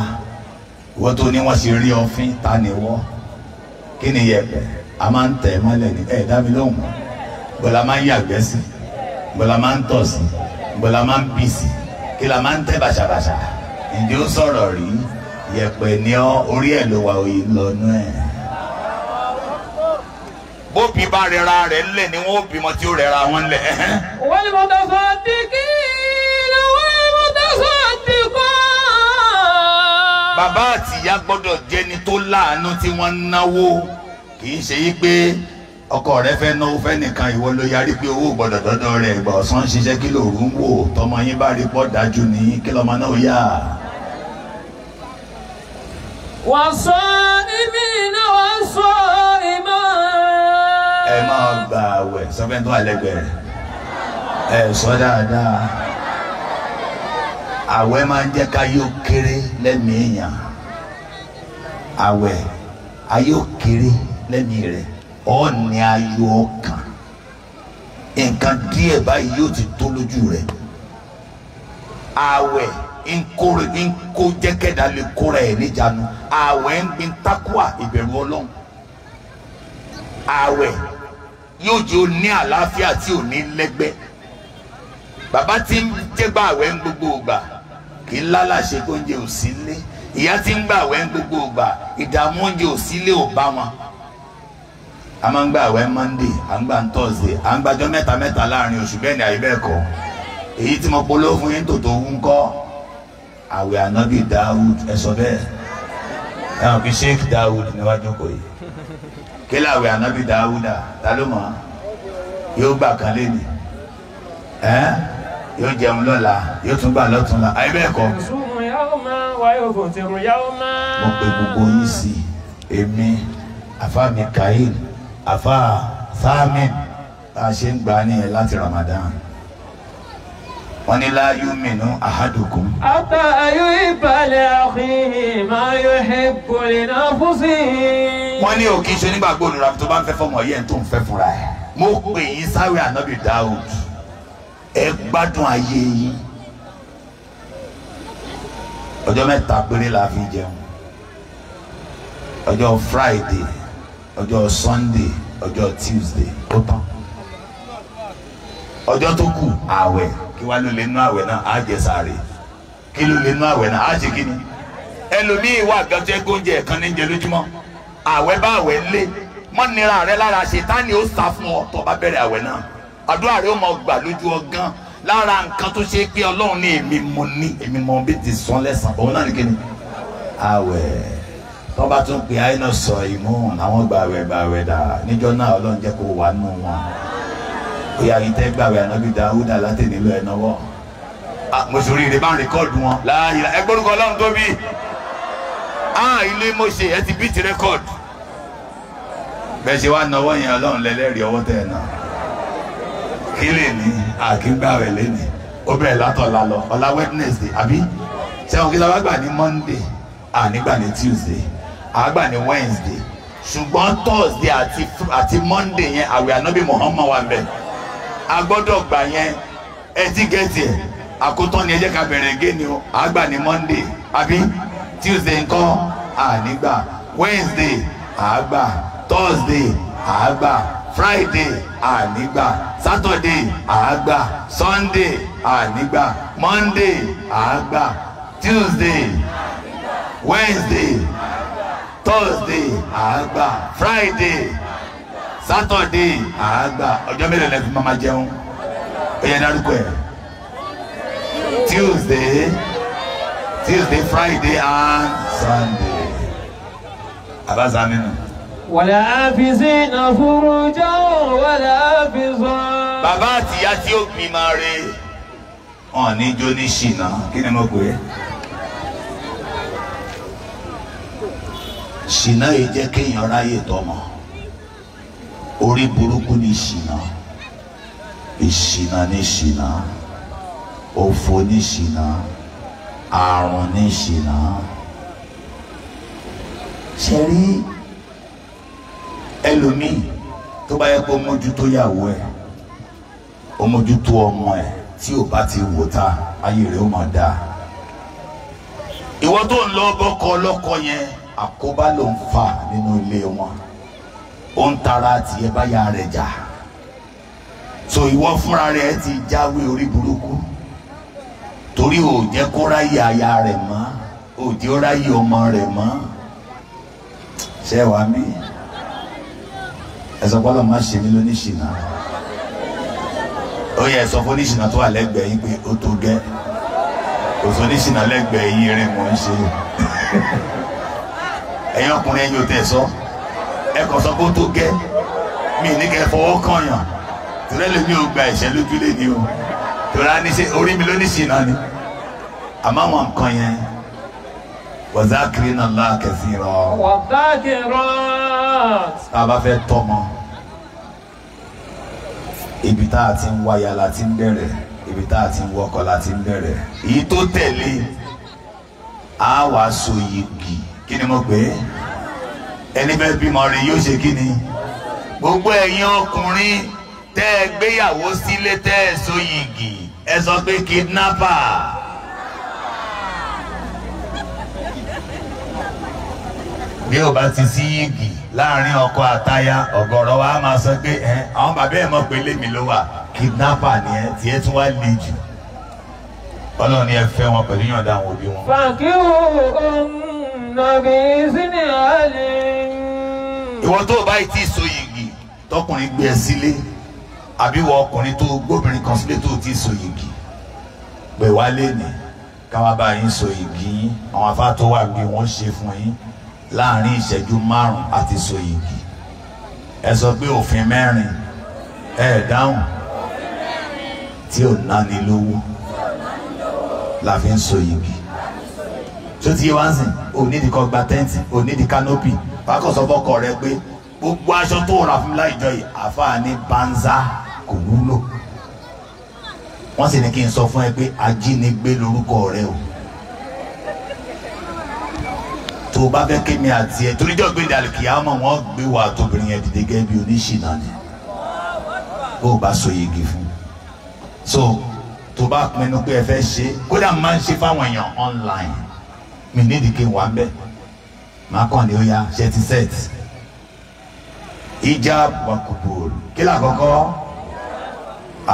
[SPEAKER 1] ìwọ́n tó ní wọ́n ṣe rí ọfín ta ni wọ́ kí ni yẹ̀pẹ̀ a máa ń tẹ̀ mọ́lẹ̀ ní ẹ̀ mi lóhùn mọ́ gbọ́dọ̀ máa ń yàgbẹ́ sí gbọ́dọ̀ máa ń tọ̀ sí gbọ́dọ̀ máa ń bì sí kí la máa ń tẹ̀ bàṣàbàṣà ǹjẹ́ ó sọ̀rọ̀ rí yẹ̀pẹ̀ ní orí ẹ̀ ló wà òye lọ́nú ẹ̀. bóbi bá rẹra rẹ̀ ńlẹ̀ ni wọ́n ó bímọ tí ó rẹra wọn lẹ̀.
[SPEAKER 2] wọ́n ní mo tọ́ sọ ti kí lọ́wọ́ mo tọ́ sọ ti kọ́.
[SPEAKER 1] bàbá àtìyá gbọ́dọ̀ jẹ́ni tó láàánú tí wọ́n ń náwó kì í ṣe yí pé ọkọ rẹ fẹ́ náwó fẹ́ nìkan ìwọ ló yarí pé owó gbọ́dọ̀ dọdọ rẹ ìgbà ọ̀sán ṣiṣẹ́ kí lóòrùn wò tọmọ yín bá rí pọ dájú ní kí lọmọ náà yá.
[SPEAKER 2] والصائمين والصائمات
[SPEAKER 1] ẹ máa gbà àwẹ̀ sọ́fẹ́ntàn àlẹ́gbẹ̀ẹ́ ẹ sọ dáadáa àwẹ̀ máa ń jẹ́ ká yóò kéré lẹ́mìí èèyàn àwẹ̀ ayé ò kéré lẹ́mìí rẹ̀ ọ̀ọ́ni ayọ̀ ọkàn nǹkan díẹ̀ báyìí yóò ti tó lójú rẹ̀ àwẹ̀. nkóre nkó jẹ́kẹ̀dá lè kóra ẹ̀ níjànú ààwẹ̀ ń gbin takwa ìbẹ̀rù ọlọ́run ààwẹ̀ yóò jẹ́ òní àlàáfíà tí ò ní lẹ́gbẹ́ bàbá tí ń jẹ́gbà gbogbo ògbà kì í lálàṣe kó ń jẹ òsì ìyá tí ń gbà ààwẹ̀ gbogbo ògbà ìdààmú oúnjẹ òsì ò bá a máa ń gba ààwẹ̀ Monday à ń Thursday à ń mẹ́ta mẹ́ta láàrin oṣù bẹ́ẹ̀ ni àyè bẹ́ẹ̀ kọ́ èyí tí mo àwẹ̀ ànábì Dawud ẹ sọ bẹ́ẹ̀ ẹ̀hàn kí Sheikh Dawud níwájú kò yìí kí làwẹ̀ ànábì Dawuda ta ló mọ̀ yóò gbà kan lẹ́nu ẹ̀ yóò jẹun lọ́la yóò tún gbà lọ́túnla ayé bẹ́ẹ̀ kọ́. mo pe gbogbo yín sí èmi afa Mikael afa Thamin bá a ṣe ń gbà nìyẹn láti Ramadan wọ́n ní la yuminu ahadukum. ata yuhibba ibale akhihi ma yuhibbu li nafsihi. wọ́n ní òkè iṣẹ́ nígbàgbọ́ olùrà tó bá ń fẹ́ fọmọ yẹn tó ń fẹ́ fúnra ẹ̀. mo pè yín sáré ànábì Dáúd ẹ gbádùn ayé yín. ọjọ́ mẹ́ta péré la fi jẹun ọjọ́ Friday ọjọ́ Sunday ọjọ́ Tuesday ó tán ọjọ́ tó kù ààwẹ̀ kí wá ló lè nú àwẹ̀ náà á jẹ sàárè kí ló lè nú àwẹ̀ náà á ṣe kíni ẹlòmíì wà gàtẹ́ góúnjẹ ẹ̀kan ní jẹ lójúmọ́ àwẹ̀ bá àwẹ̀ lé mọ́ nira rẹ lára ṣètánì ó sá fún ọ tó bá bẹ̀rẹ̀ àwẹ̀ náà àdúrà rẹ ó máa gbà lójú ọgán lára nǹkan tó ṣe pé ọlọ́run ní èmi mo ní èmi mo bí ti sàn lẹ́sàn òun náà ní kíni àwẹ̀ tó bá tún pè áyínà sọ ìmú àwọn gbàwẹ̀ gbàwẹ̀ dà níjọ́ náà ọlọ́run jẹ́ kó wà nù wọn ìyá yìí tẹ́ gbàwé ànábì dáhùdà látẹ̀nílò ẹ̀ náwọ́ ah, mùsùlùmí rẹ̀ bá ń rẹ́kọ̀dù wọn láàyè ẹgbẹ́rúkọ ọlọ́run tó bí ah, ilé mọ̀ṣẹ́ ẹ ti bíìtì rẹ́kọ̀dù bẹ́ẹ̀ ṣe wá náwó yẹn ọlọ́run lẹ́lẹ́rìí ọwọ́ tẹ̀ náà kí lè ní àkíngbàwẹ̀ lẹ́nìí ó bẹ̀rẹ̀ látọ̀la lọ ọ̀la wednesday àbí sẹ́wọ̀n kí la wá gbà ní monday ànígbà ní tuesday àgbà ní wednesday ṣùgbọ́n thursday àti monday yẹn àwẹ̀ ànábì Muhammad wà bẹ́ẹ̀ a gbọ́dọ̀ gbà yẹn ẹtí gẹ̀ẹ́tì ẹ̀ àkótán ni ẹ jẹ́ ká bẹ̀rẹ̀ géènì o àgbà ní Monday àbí Tuesday nǹkan ànígbà Wednesday àgbà Thursday àgbà Friday ànígbà Saturday àgbà Sunday ànígbà Monday àgbà Tuesday Wednesday Thursday àgbà Friday sátọ̀dé àgbà ọjọ́ mélòó lẹ́sìn máa jẹun ẹ̀yẹ dárúkọ ẹ̀ Tuesday Tuesday Friday and Sunday àbáza nínú.
[SPEAKER 2] wàlá àfisí na fúru jẹ́ òun wàlá àfisọ́.
[SPEAKER 1] bàbá àtìyá tí ó bímọ rè wọn ní jó ní ṣìnà kí ni mo pè é. ṣìnà yìí jẹ́ kéèyàn ráyè tọmọ orí burúkú ni ìṣìnà ìṣìnà ni ìṣìnà òfò ni ìṣìnà àrùn ni ìṣìnà ṣe rí ẹlòmíì tó bá yẹ kó mójútó yàwó ẹ ó mójútó ọmọ ẹ tí ò bá ti wò ta ayé rẹ ó máa dáa ìwọ tó ń lọ bọkọ ọlọkọ yẹn àkóbá ló ń fà nínú ilé wọn ó ń tara tiẹ̀ báyà rẹ̀ jà so ìwọ fúnra rẹ̀ ti jáwé orí burúkú torí ò jẹ́ kó ráyè aya rẹ̀ mọ́ ò jẹ́ ó ráyè ọmọ rẹ̀ mọ́ ṣé wàá mí ẹ̀sọ́ pọ́lọ́ má ṣe mí lóní ṣìnà ó yẹ ẹ̀sọ́ fún oníṣìnà tó wà lẹ́gbẹ̀ẹ́ yín pé ó tó gẹ́ òsò oníṣìnà lẹ́gbẹ̀ẹ́ yín rẹ̀ mò ń ṣe ẹ̀yin ọkùnrin ẹ̀yin ò tẹ̀ sọ́. So ẹ̀kọ́ sọ kó tó gẹ́ mi ní kẹ́ fọwọ́ kànyàn torí ẹ̀ lómi ò gba ẹ̀ṣẹ̀ lójúlé ni o torí ní ṣe orí mi lóní sí náà ni àmọ́ àwọn nǹkan yẹn wazakirina Allah kathira. wazakirat. tá a bá fẹ́ tọ́mọ ibi tá a ti ń wáyà la ń bẹ̀rẹ̀ ibi tá a ti ń wọkọ̀ la ń bẹ̀rẹ̀ èyí tó tẹ̀lé a wàá so yìgì kí ni mo pè ẹni bẹ́ẹ̀ bímọ rẹ̀ yóò ṣe kí ni gbogbo ẹ̀yin ọkùnrin tẹ́ ẹ gbéyàwó sílé tẹ́ ẹ so yìgì ẹ sọ pé kidnapper. bí o bá ti sí yìgì láàrin ọkọ àtaya ọ̀gọ̀rọ̀ wa máa sọ pé ẹ àwọn bàbá ẹ mọ̀ pé lèmi ló wà kidnapper ni ẹ tiẹ̀ tún wá le jù Ọlọ́run ni ẹ fẹ́ wọn pẹ̀lú yọ̀ǹda àwọn òbí wọn.
[SPEAKER 2] fàkíhù ọ̀hún nàbí sínú àlè
[SPEAKER 1] ìwọ tó o báyìí tí so yìgì tọkùnrin gbé ẹ sílé àbí wọ ọkùnrin tó gbóbìnrin kan sílé tó ti so yìgì pè e wá lẹ́nìí káwá bá yín so yìgì yín àwọn afá tó wà gbé wọn ṣe fún yín láàrin ìṣẹ́jú márùn àti so yìgì ẹ sọ pé òfin mẹ́rin ẹ dáhùn tí ò náni lówó la fi ń so yìgì tó ti wá sìn di kan gba tẹ́ǹtì onídìí kánópì bákan sọ rẹ pé gbogbo aṣọ tó rà fún láìjọ yìí àfààní banza kò wúlò wọ́n sì ní kí n sọ fún ẹ pé ajínigbé lorúkọ rẹ o tó o bá fẹ́ ké mi àti ẹ torí jọ́ gbélé àlùkìyàmọ̀ wọ́n gbé wa tóbìnrin yẹn dìde gẹ́gẹ́ bí oníṣìnà ni bó o bá so yege fún so tó o bá pinnu pé ẹ fẹ́ ṣe kódà máa ń ṣe fáwọn èèyàn online mi nídìí kí n wà bẹ́ẹ̀ màá kàn ní oya ṣẹ́tì set hijab wa kubur kí lákọ̀ọ́kọ́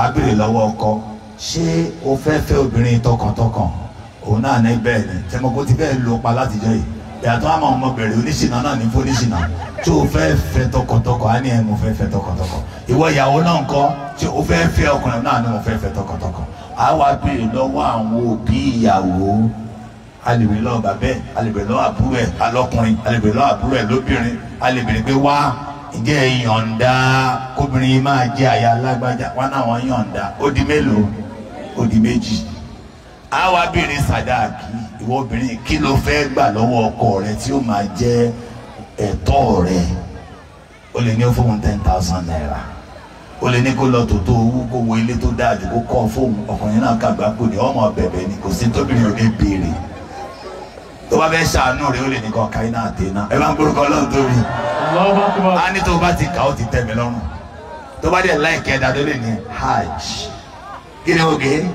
[SPEAKER 1] àgbèrè lọ́wọ́ ọkọ ṣé o fẹ́ fẹ́ obìnrin tọkàntọkàn òun náà ní bẹ́ẹ̀ ni tẹmọkó ti bẹ́ẹ̀ lò pa látijọ́ yìí yàtọ̀ àmọ́ ọmọ bẹ̀rẹ̀ oníṣìnà náà ní fóníṣìnà tí o fẹ́ fẹ́ tọkàntọkàn á ní ẹ̀ mo fẹ́ fẹ́ tọkàntọkàn ìwọ ìyàwó náà ńkọ́ tí o fẹ́ fẹ́ ọkùnrin náà ní mo fẹ́ fẹ́ tọkàntọkàn á wá bèrè lọ́wọ́ àwọn òbí ìyàwó alèbèrè lọ́wọ́ bàbẹ́ alèbèrè lọ́wọ́ àbúrò ẹ̀ alọ́kùnrin alèbèrè lọ́wọ́ àbúrò ẹ̀ lóbìnrin alèbèrè pé wá ǹjẹ́ yọ̀ǹda kóbìnrin máa jẹ́ àyà alágbájá wọn náà wọ́n yọ̀ǹda ó di mélòó ó di méjì àwa bìnrin sàdáàkì ìwọ obìnrin kí ló fẹ́ gbà lọ́wọ́ ọkọ rẹ tí ó máa jẹ́ ẹ̀tọ́ rẹ ó lè ní fóun ten thousand naira ó lè ní kó lọ tòótó owó kó wo ilé tó dáa jù kó kọ́ fóun ọkùnrin náà kàgbá kò ní ọmọ bẹ̀bẹ̀ ni kò sí tóbi ní òde béèrè. tó bá fẹ́ ṣàánú rẹ̀ ó lè nìkan ka iná àti ẹ bá ń gbórúkọ A ní tó bá ti kà ó ti tẹ̀ mí lọ́rùn tó bá dẹ̀ láìkẹ́ ẹ̀dá tó lè ní hajj oge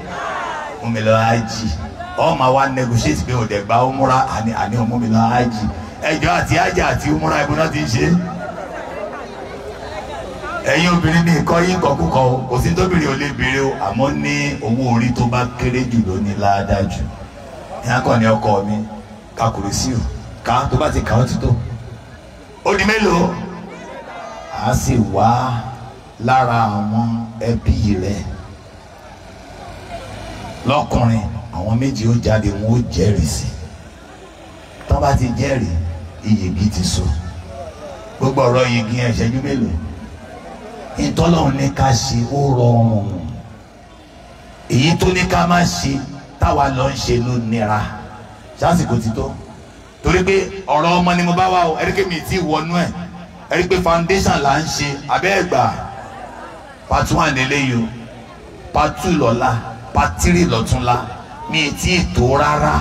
[SPEAKER 1] ọmọ wa negotiate pé òde gba àní àní hajj ẹjọ́ àti àti ti ṣe ẹ̀yin obìnrin ní ikọ́ yín kọkúkọ kò sí tóbìnrin ò lè béèrè o àmọ́ ní owó orí tó bá kéré ní akọni ọkọ mi ka kùrì sí o ká tó bá ti kà ó ti tó ó di mélòó a sì wá lára àwọn ẹbí rẹ lọ́kùnrin àwọn méjì ó jáde wọn ó jẹ́rìí sí tó bá ti jẹ́rìí iyègì ti so gbogbo ọ̀rọ̀ iyègì yẹn ṣẹ́jú mélòó ìtọ́lọ́run ní ká ṣe ó rọrùn èyí tó ní ká má ṣe táwa lọ ń ṣe ló nira sásìkò ti tó torí pé ọ̀rọ̀ ọmọ ni mo bá wá o ẹ̀ríkè mi ti wọnú ẹ̀ ẹ̀rí foundation là ń ṣe abẹ́ ẹ̀gbà part one lélẹ́yìí o part two lọ́la part three lọ́túnla mi ti tó rárá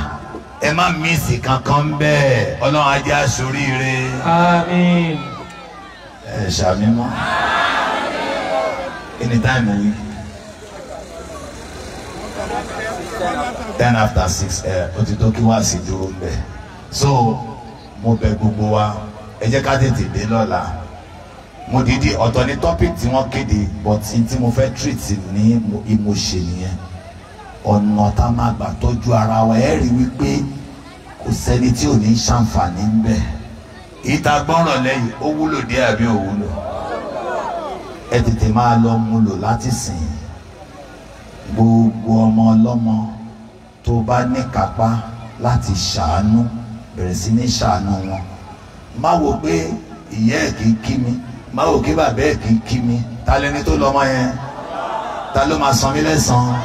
[SPEAKER 1] ẹ má mísì kankan bẹ́ẹ̀ ọlọ́run ajé aṣoríire. àmín. ẹ ṣàmímọ́ anytime we. Then after six ẹ eh, o ti tó kí wá dúró mbẹ so mo bẹ̀ gbogbo wa ẹ jẹ́ ká tètè dé lọ́la mo dìídì ọ̀tọ̀ ní topic tí wọ́n kéde but n tí mo fẹ́ treat ní ìmọ̀ṣe nìyẹn ọ̀nà tá a máa gbà tọ́jú ara wa ẹ rí wípé kò sẹ́ni tí ò ní ṣàǹfààní ń bẹ ìta gbọ́nràn lẹ́yìn ó wúlò díẹ̀ àbí ó wúlò ẹ tètè máa lọ mú lò láti sìn yìí gbogbo ọmọ ọlọ́mọ tó bá níkápá láti ṣàánú bẹ̀rẹ̀ sí ní ṣàánú wọn má wo pé ìyá ẹ̀ kì í kí mi má wo pé bàbá ẹ̀ kì í kí mi ta lẹni tó lọ́mọ yẹn ta ló máa san mí lẹ́sàn-án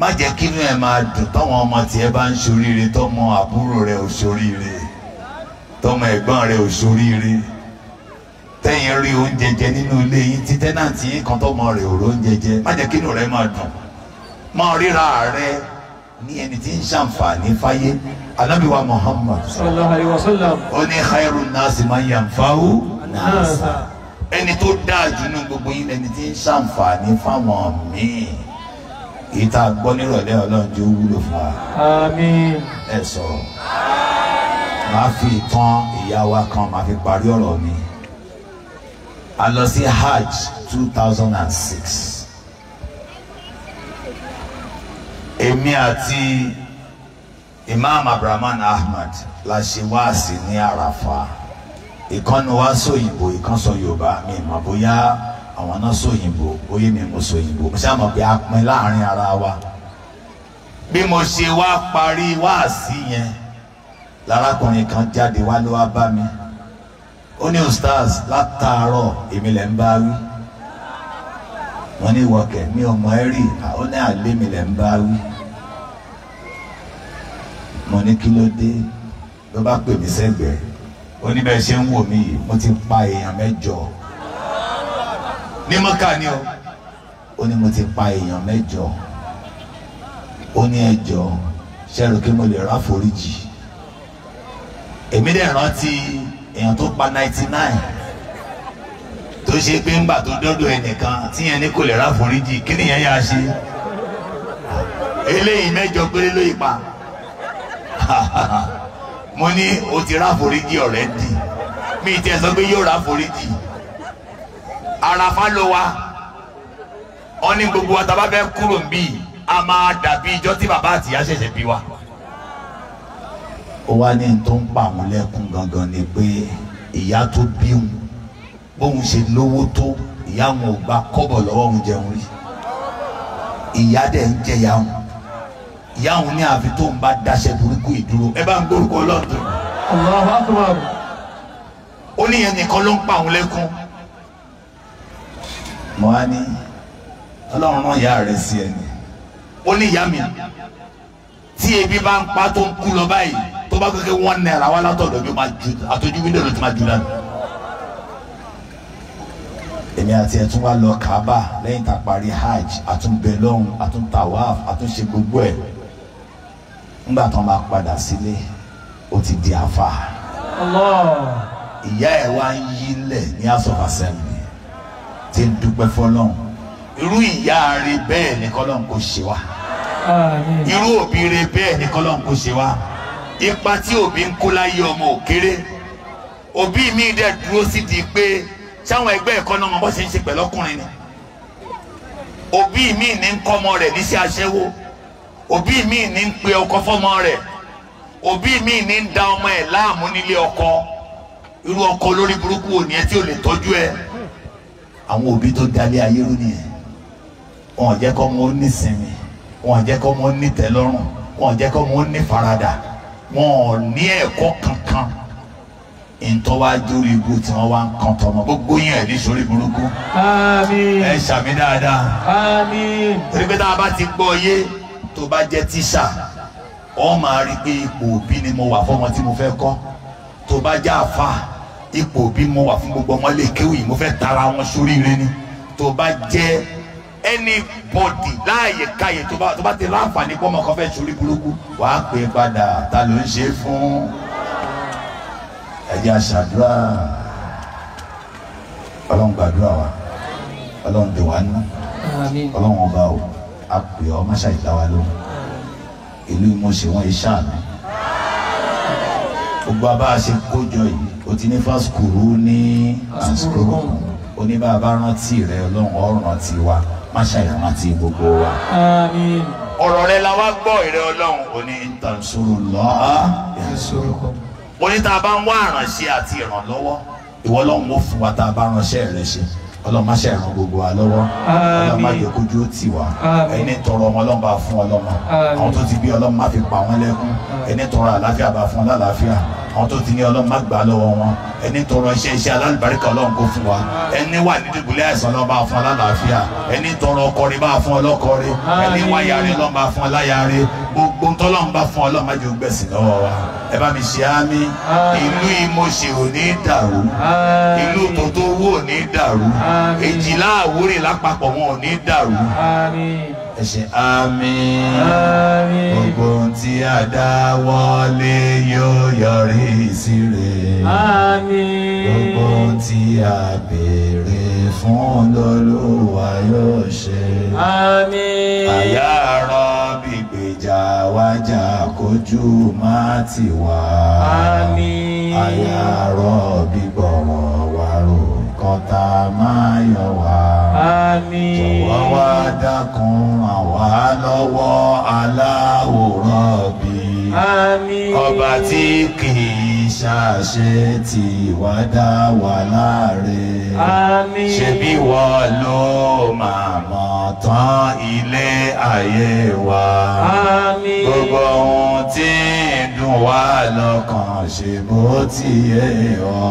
[SPEAKER 1] má jẹ́ kínú ẹ̀ máa dùn tọ́wọn ọmọ tiẹ̀ bá ń ṣoríire tọ́mọ àbúrò rẹ̀ ò ṣoríire tọ́mọ ẹ̀gbọ́n rẹ̀ ò ṣoríire tẹ́yìn rí oúnjẹ jẹ nínú ilé yín tí tẹ́nàntì yín kan tó mọ rẹ̀ òrò oúnjẹ jẹ má jẹ́ kí rẹ̀ máa dùn máa ríra rẹ̀ ní ẹni tí ń ṣàǹfààní fáyé Ànábì Muhammad sallallahu alaihi ó ní khairun nasi man yanfa'u nasa ẹni tó dáa jù nínú gbogbo yín ẹni tí ń ṣàǹfààní fáwọn míì ìta gbọ́ nírọ̀lẹ́ ọlọ́run tí ó wúlò fún wa. àmín. ẹ sọ màá fi ìtàn ìyá wa kan màá fi parí ọ̀rọ̀ mi a lọ sí hajj two thousand and six èmi àti imam abrahman ahmed la ṣe wáàsí ní àràfà ìkànnì wa sóyìnbó ìkànnì sọ yorùbá mi mà bóyá àwọn náà sóyìnbó bóyá mi mo sóyìnbó mo ṣáà mọ̀ pé a pin láàrin ara wa bí mo ṣe wá parí wáàsí yẹn lárakùnrin kan jáde wá ló wá bá mi ó ní ustaz látàárọ̀ èmi lẹ̀ ń bá wí wọ́n ní ìwọ̀kẹ̀ mi ò mọ̀ ẹ́ rí àwọn ní àgbé mi lẹ̀ ń bá wí mo ní kí ló dé ló bá pè mí sẹ́gbẹ̀ẹ́ ó ní bẹ́ẹ̀ ṣe ń wò mí yìí mo ti pa èèyàn mẹ́jọ ní mọ́kà ni o ó ní mo ti pa èèyàn mẹ́jọ ó ní ẹjọ ṣẹ́rù kí mo lè ráforíjì èmi dẹ̀ rántí èèyàn tó pa ninety nine tó ṣe pé ńgbà tó dọ́dọ̀ ẹnìkan tíyẹn ní kò lè ráforíjì kí nìyẹn yà á ṣe eléyìí mẹ́jọ péré ló yípa mo ní o ti ráforíjì ọ̀rẹ́ dì mí tiẹ̀ sọ pé yóò ráforíjì àràfá ló wa ọ ní gbogbo wa tá a bá fẹ́ kúrò ń bí a máa dàbí ijọ́ tí bàbá àtìyá ṣẹ̀ṣẹ̀ bí wa ó wá ní tó ń pa àwọn lẹ́kùn gangan ni pé ìyá tó bí òun bóun ṣe lówó tó ìyá òun ò gba kọ́bọ̀ lọ́wọ́ òun jẹun rí ìyá dẹ̀ ń jẹ̀yà òun ìyá òun ní àfi tó ń bá daṣẹ́ burúkú ìdúró ẹ bá ń gbórúkọ lọ́dún. Akbar. ó ní yẹn nìkan ló ń pa àwọn lẹ́kùn. mo wá ní ọlọ́run rán ìyá rẹ̀ sí ẹni. ó ní ìyá mi tí ebi bá ń pa tó ń kú lọ báyìí tó bá kéke one naira wà látọ̀dọ̀ bí o ju àtọ́jú wíńdò ló ti máa ju lánàá. èmi àti ẹ̀ tún wá lọ Kaaba lẹ́yìn tá a parí hajj àtúnbẹ̀lọ́hún àtúntawaf àtúnṣe gbogbo ẹ̀ ńgbà tán bá padà sílé ó ti di àfa. ìyá ẹ̀ wá ń yílẹ̀ ní asọ̀fà sẹ́mi tí ń dúpẹ́ fọlọ́hún irú ìyá rẹ bẹ́ẹ̀ ni kọ́lọ́hún kò ṣe wá irú òbí rẹ bẹ́ẹ̀ ni kọ́lọ́hún kò ṣe wá ipa tí òbí ń kó láyé ọmọ òkéré òbí mi dẹ̀ dúró sí di pé sáwọn ẹgbẹ́ ẹ̀kọ́ náà wọn bọ́ ṣe ń ṣe pẹ̀lọ́kùnrin ni òbí mi ní ń kọ́ ọmọ rẹ̀ níṣẹ́ aṣẹ́wó òbí mi ní ń pe ọkọ fọ́mọ rẹ̀ òbí mi ní ń da ọmọ ẹ̀ láàmú nílé ọkọ irú ọkọ lórí burúkú òní ẹ tí ò lè tọ́jú ẹ àwọn òbí tó dalẹ̀ ayé ló nìyẹn wọn ò jẹ́ kọ́ ọmọ ó nísinmi wọn jẹ́ kọ́ ọmọ ó nítẹ́lọ́rùn wọn jẹ́ kọ́ ọmọ ó nífaradà wọn ò ní ẹ̀kọ́ kankan ntọ́wájú ibú tí wọ́n wá ń kan tọmọ gbogbo yẹn ní sórí burúkú. àmín. ẹ ṣàmì dáadáa. àmín. torí pé tá a bá ti gbọ́ yé tó bá jẹ́ tíṣà ọ máa rí pé ipò òbí ni mo wà fọmọ tí mo fẹ́ kọ́ tó bá jẹ́ àfa ipò òbí mo wà fún gbogbo ọmọ lè kéwì mo fẹ́ tara wọn sórí ire ni tó bá jẹ́ anybody láàyè káyè tó bá tó bá ti láǹfààní pọ́ ọmọ kan fẹ́ sórí burúkú wàá pè é padà ta ló ń ṣe fún ẹ̀jẹ̀ àṣàdúrà ọlọ́run gbàdúrà wa ọlọ́run dè wá nú ọlọ́run ọba o a pè ọ́ má ṣàyíká wa lóhùn ìlú ìmọ̀ọ́sẹ̀ wọn iṣẹ́ àná gbogbo abá a ṣe kójọ yìí o ti ní fásikùrú ní àsìkò òní bá rántí rẹ ọlọ́run ọ̀rántí wa má ṣàìrántí gbogbo wa. àmín. ọ̀rọ̀ rẹ la wá gbọ́ ìrẹ́ ọlọ́run òní ìtànsóró lọ́ọ́ ìtànsóró kọ́. oní tá a bá ń wá àrànṣe àti ìrànlọ́wọ́ ìwọ ó fún wa tá a bá ránṣẹ́ rẹ ṣe ọlọ́run má ṣe ràn gbogbo wa lọ́wọ́ ọlọ́run má jẹ́ kójú ó tì wá ẹni tọrọ ọmọ ọlọ́run bá fún ọlọ́mọ àwọn tó ti bí ọlọ́run má fi pa wọ́n lẹ́kún ẹni tọrọ àlàáfíà bá fún lálàáfíà àwọn tó ti ní ọlọ́run má gbà lọ́wọ́ wọn ẹni tọrọ iṣẹ́ iṣẹ́ alálùbáríkà ọlọ́run kó fún wa ẹni wà ní dùbúlẹ̀ àìsàn ọlọ́run bá fún lálàáfíà ẹni tọrọ ọkọrin bá fún ọlọ́kọrin ẹni wáyàrin ọlọ́run bá fún láyàrin gbogbo ntọ́lọ́n bá fún ọlọ́run má jẹ́ ó gbẹ̀sìn lọ́wọ́ wa ẹ bá mi ṣe àmì ìlú ìmọ̀ṣẹ̀ ò dàrú ìlú tòótọ́ owó ò dàrú èjìlá àwórè lápapọ̀ wọn ò dàrú ẹ àmì gbogbo tí a dá wọlé yóò yọrí sí rẹ̀ gbogbo tí a béèrè fún lọ́lọ́wà yóò ṣe àyà rọ̀bì ìjà wájà kojú má ti wá. àmín. àyàrọ̀ bíbọ̀wọ̀ wà rò nǹkan tá a máa yọ wá. àmín. jọ̀wọ́ wá dákun àwa lọ́wọ́ aláwòrán bí. àmín. ọba tí kì í ṣàṣe tí wá dá wa láre.
[SPEAKER 2] àmín.
[SPEAKER 1] ṣebí wọ́n ló máa mọ̀ tán ilé ayé wa. àmín. gbogbo ohun tí ń dùn wá lọ́kàn ṣe bó ti yé ọ.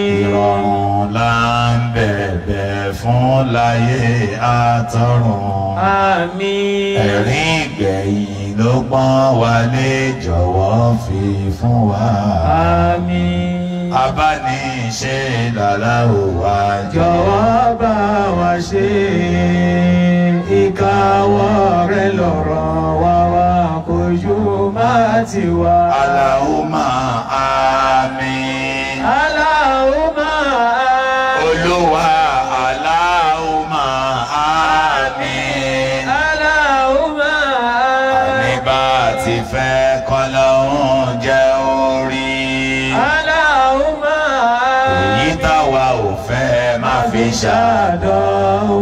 [SPEAKER 1] ìrọ̀rùn la ń bẹ̀bẹ̀ fún láyé àtọ̀run. ẹ̀rín ìgbẹ̀yìn ló pọ́n wálé jọ̀wọ́ fi fún wa. àmín abániṣe
[SPEAKER 2] lọ́la ò wá jọ̀wọ́ bá wa ṣe
[SPEAKER 1] ìkáwọ́ rẹ lọ́rọ̀ wá wá kojú má ti wá. Allahumma àmín. Allahumma àmín. olúwa. te adoro.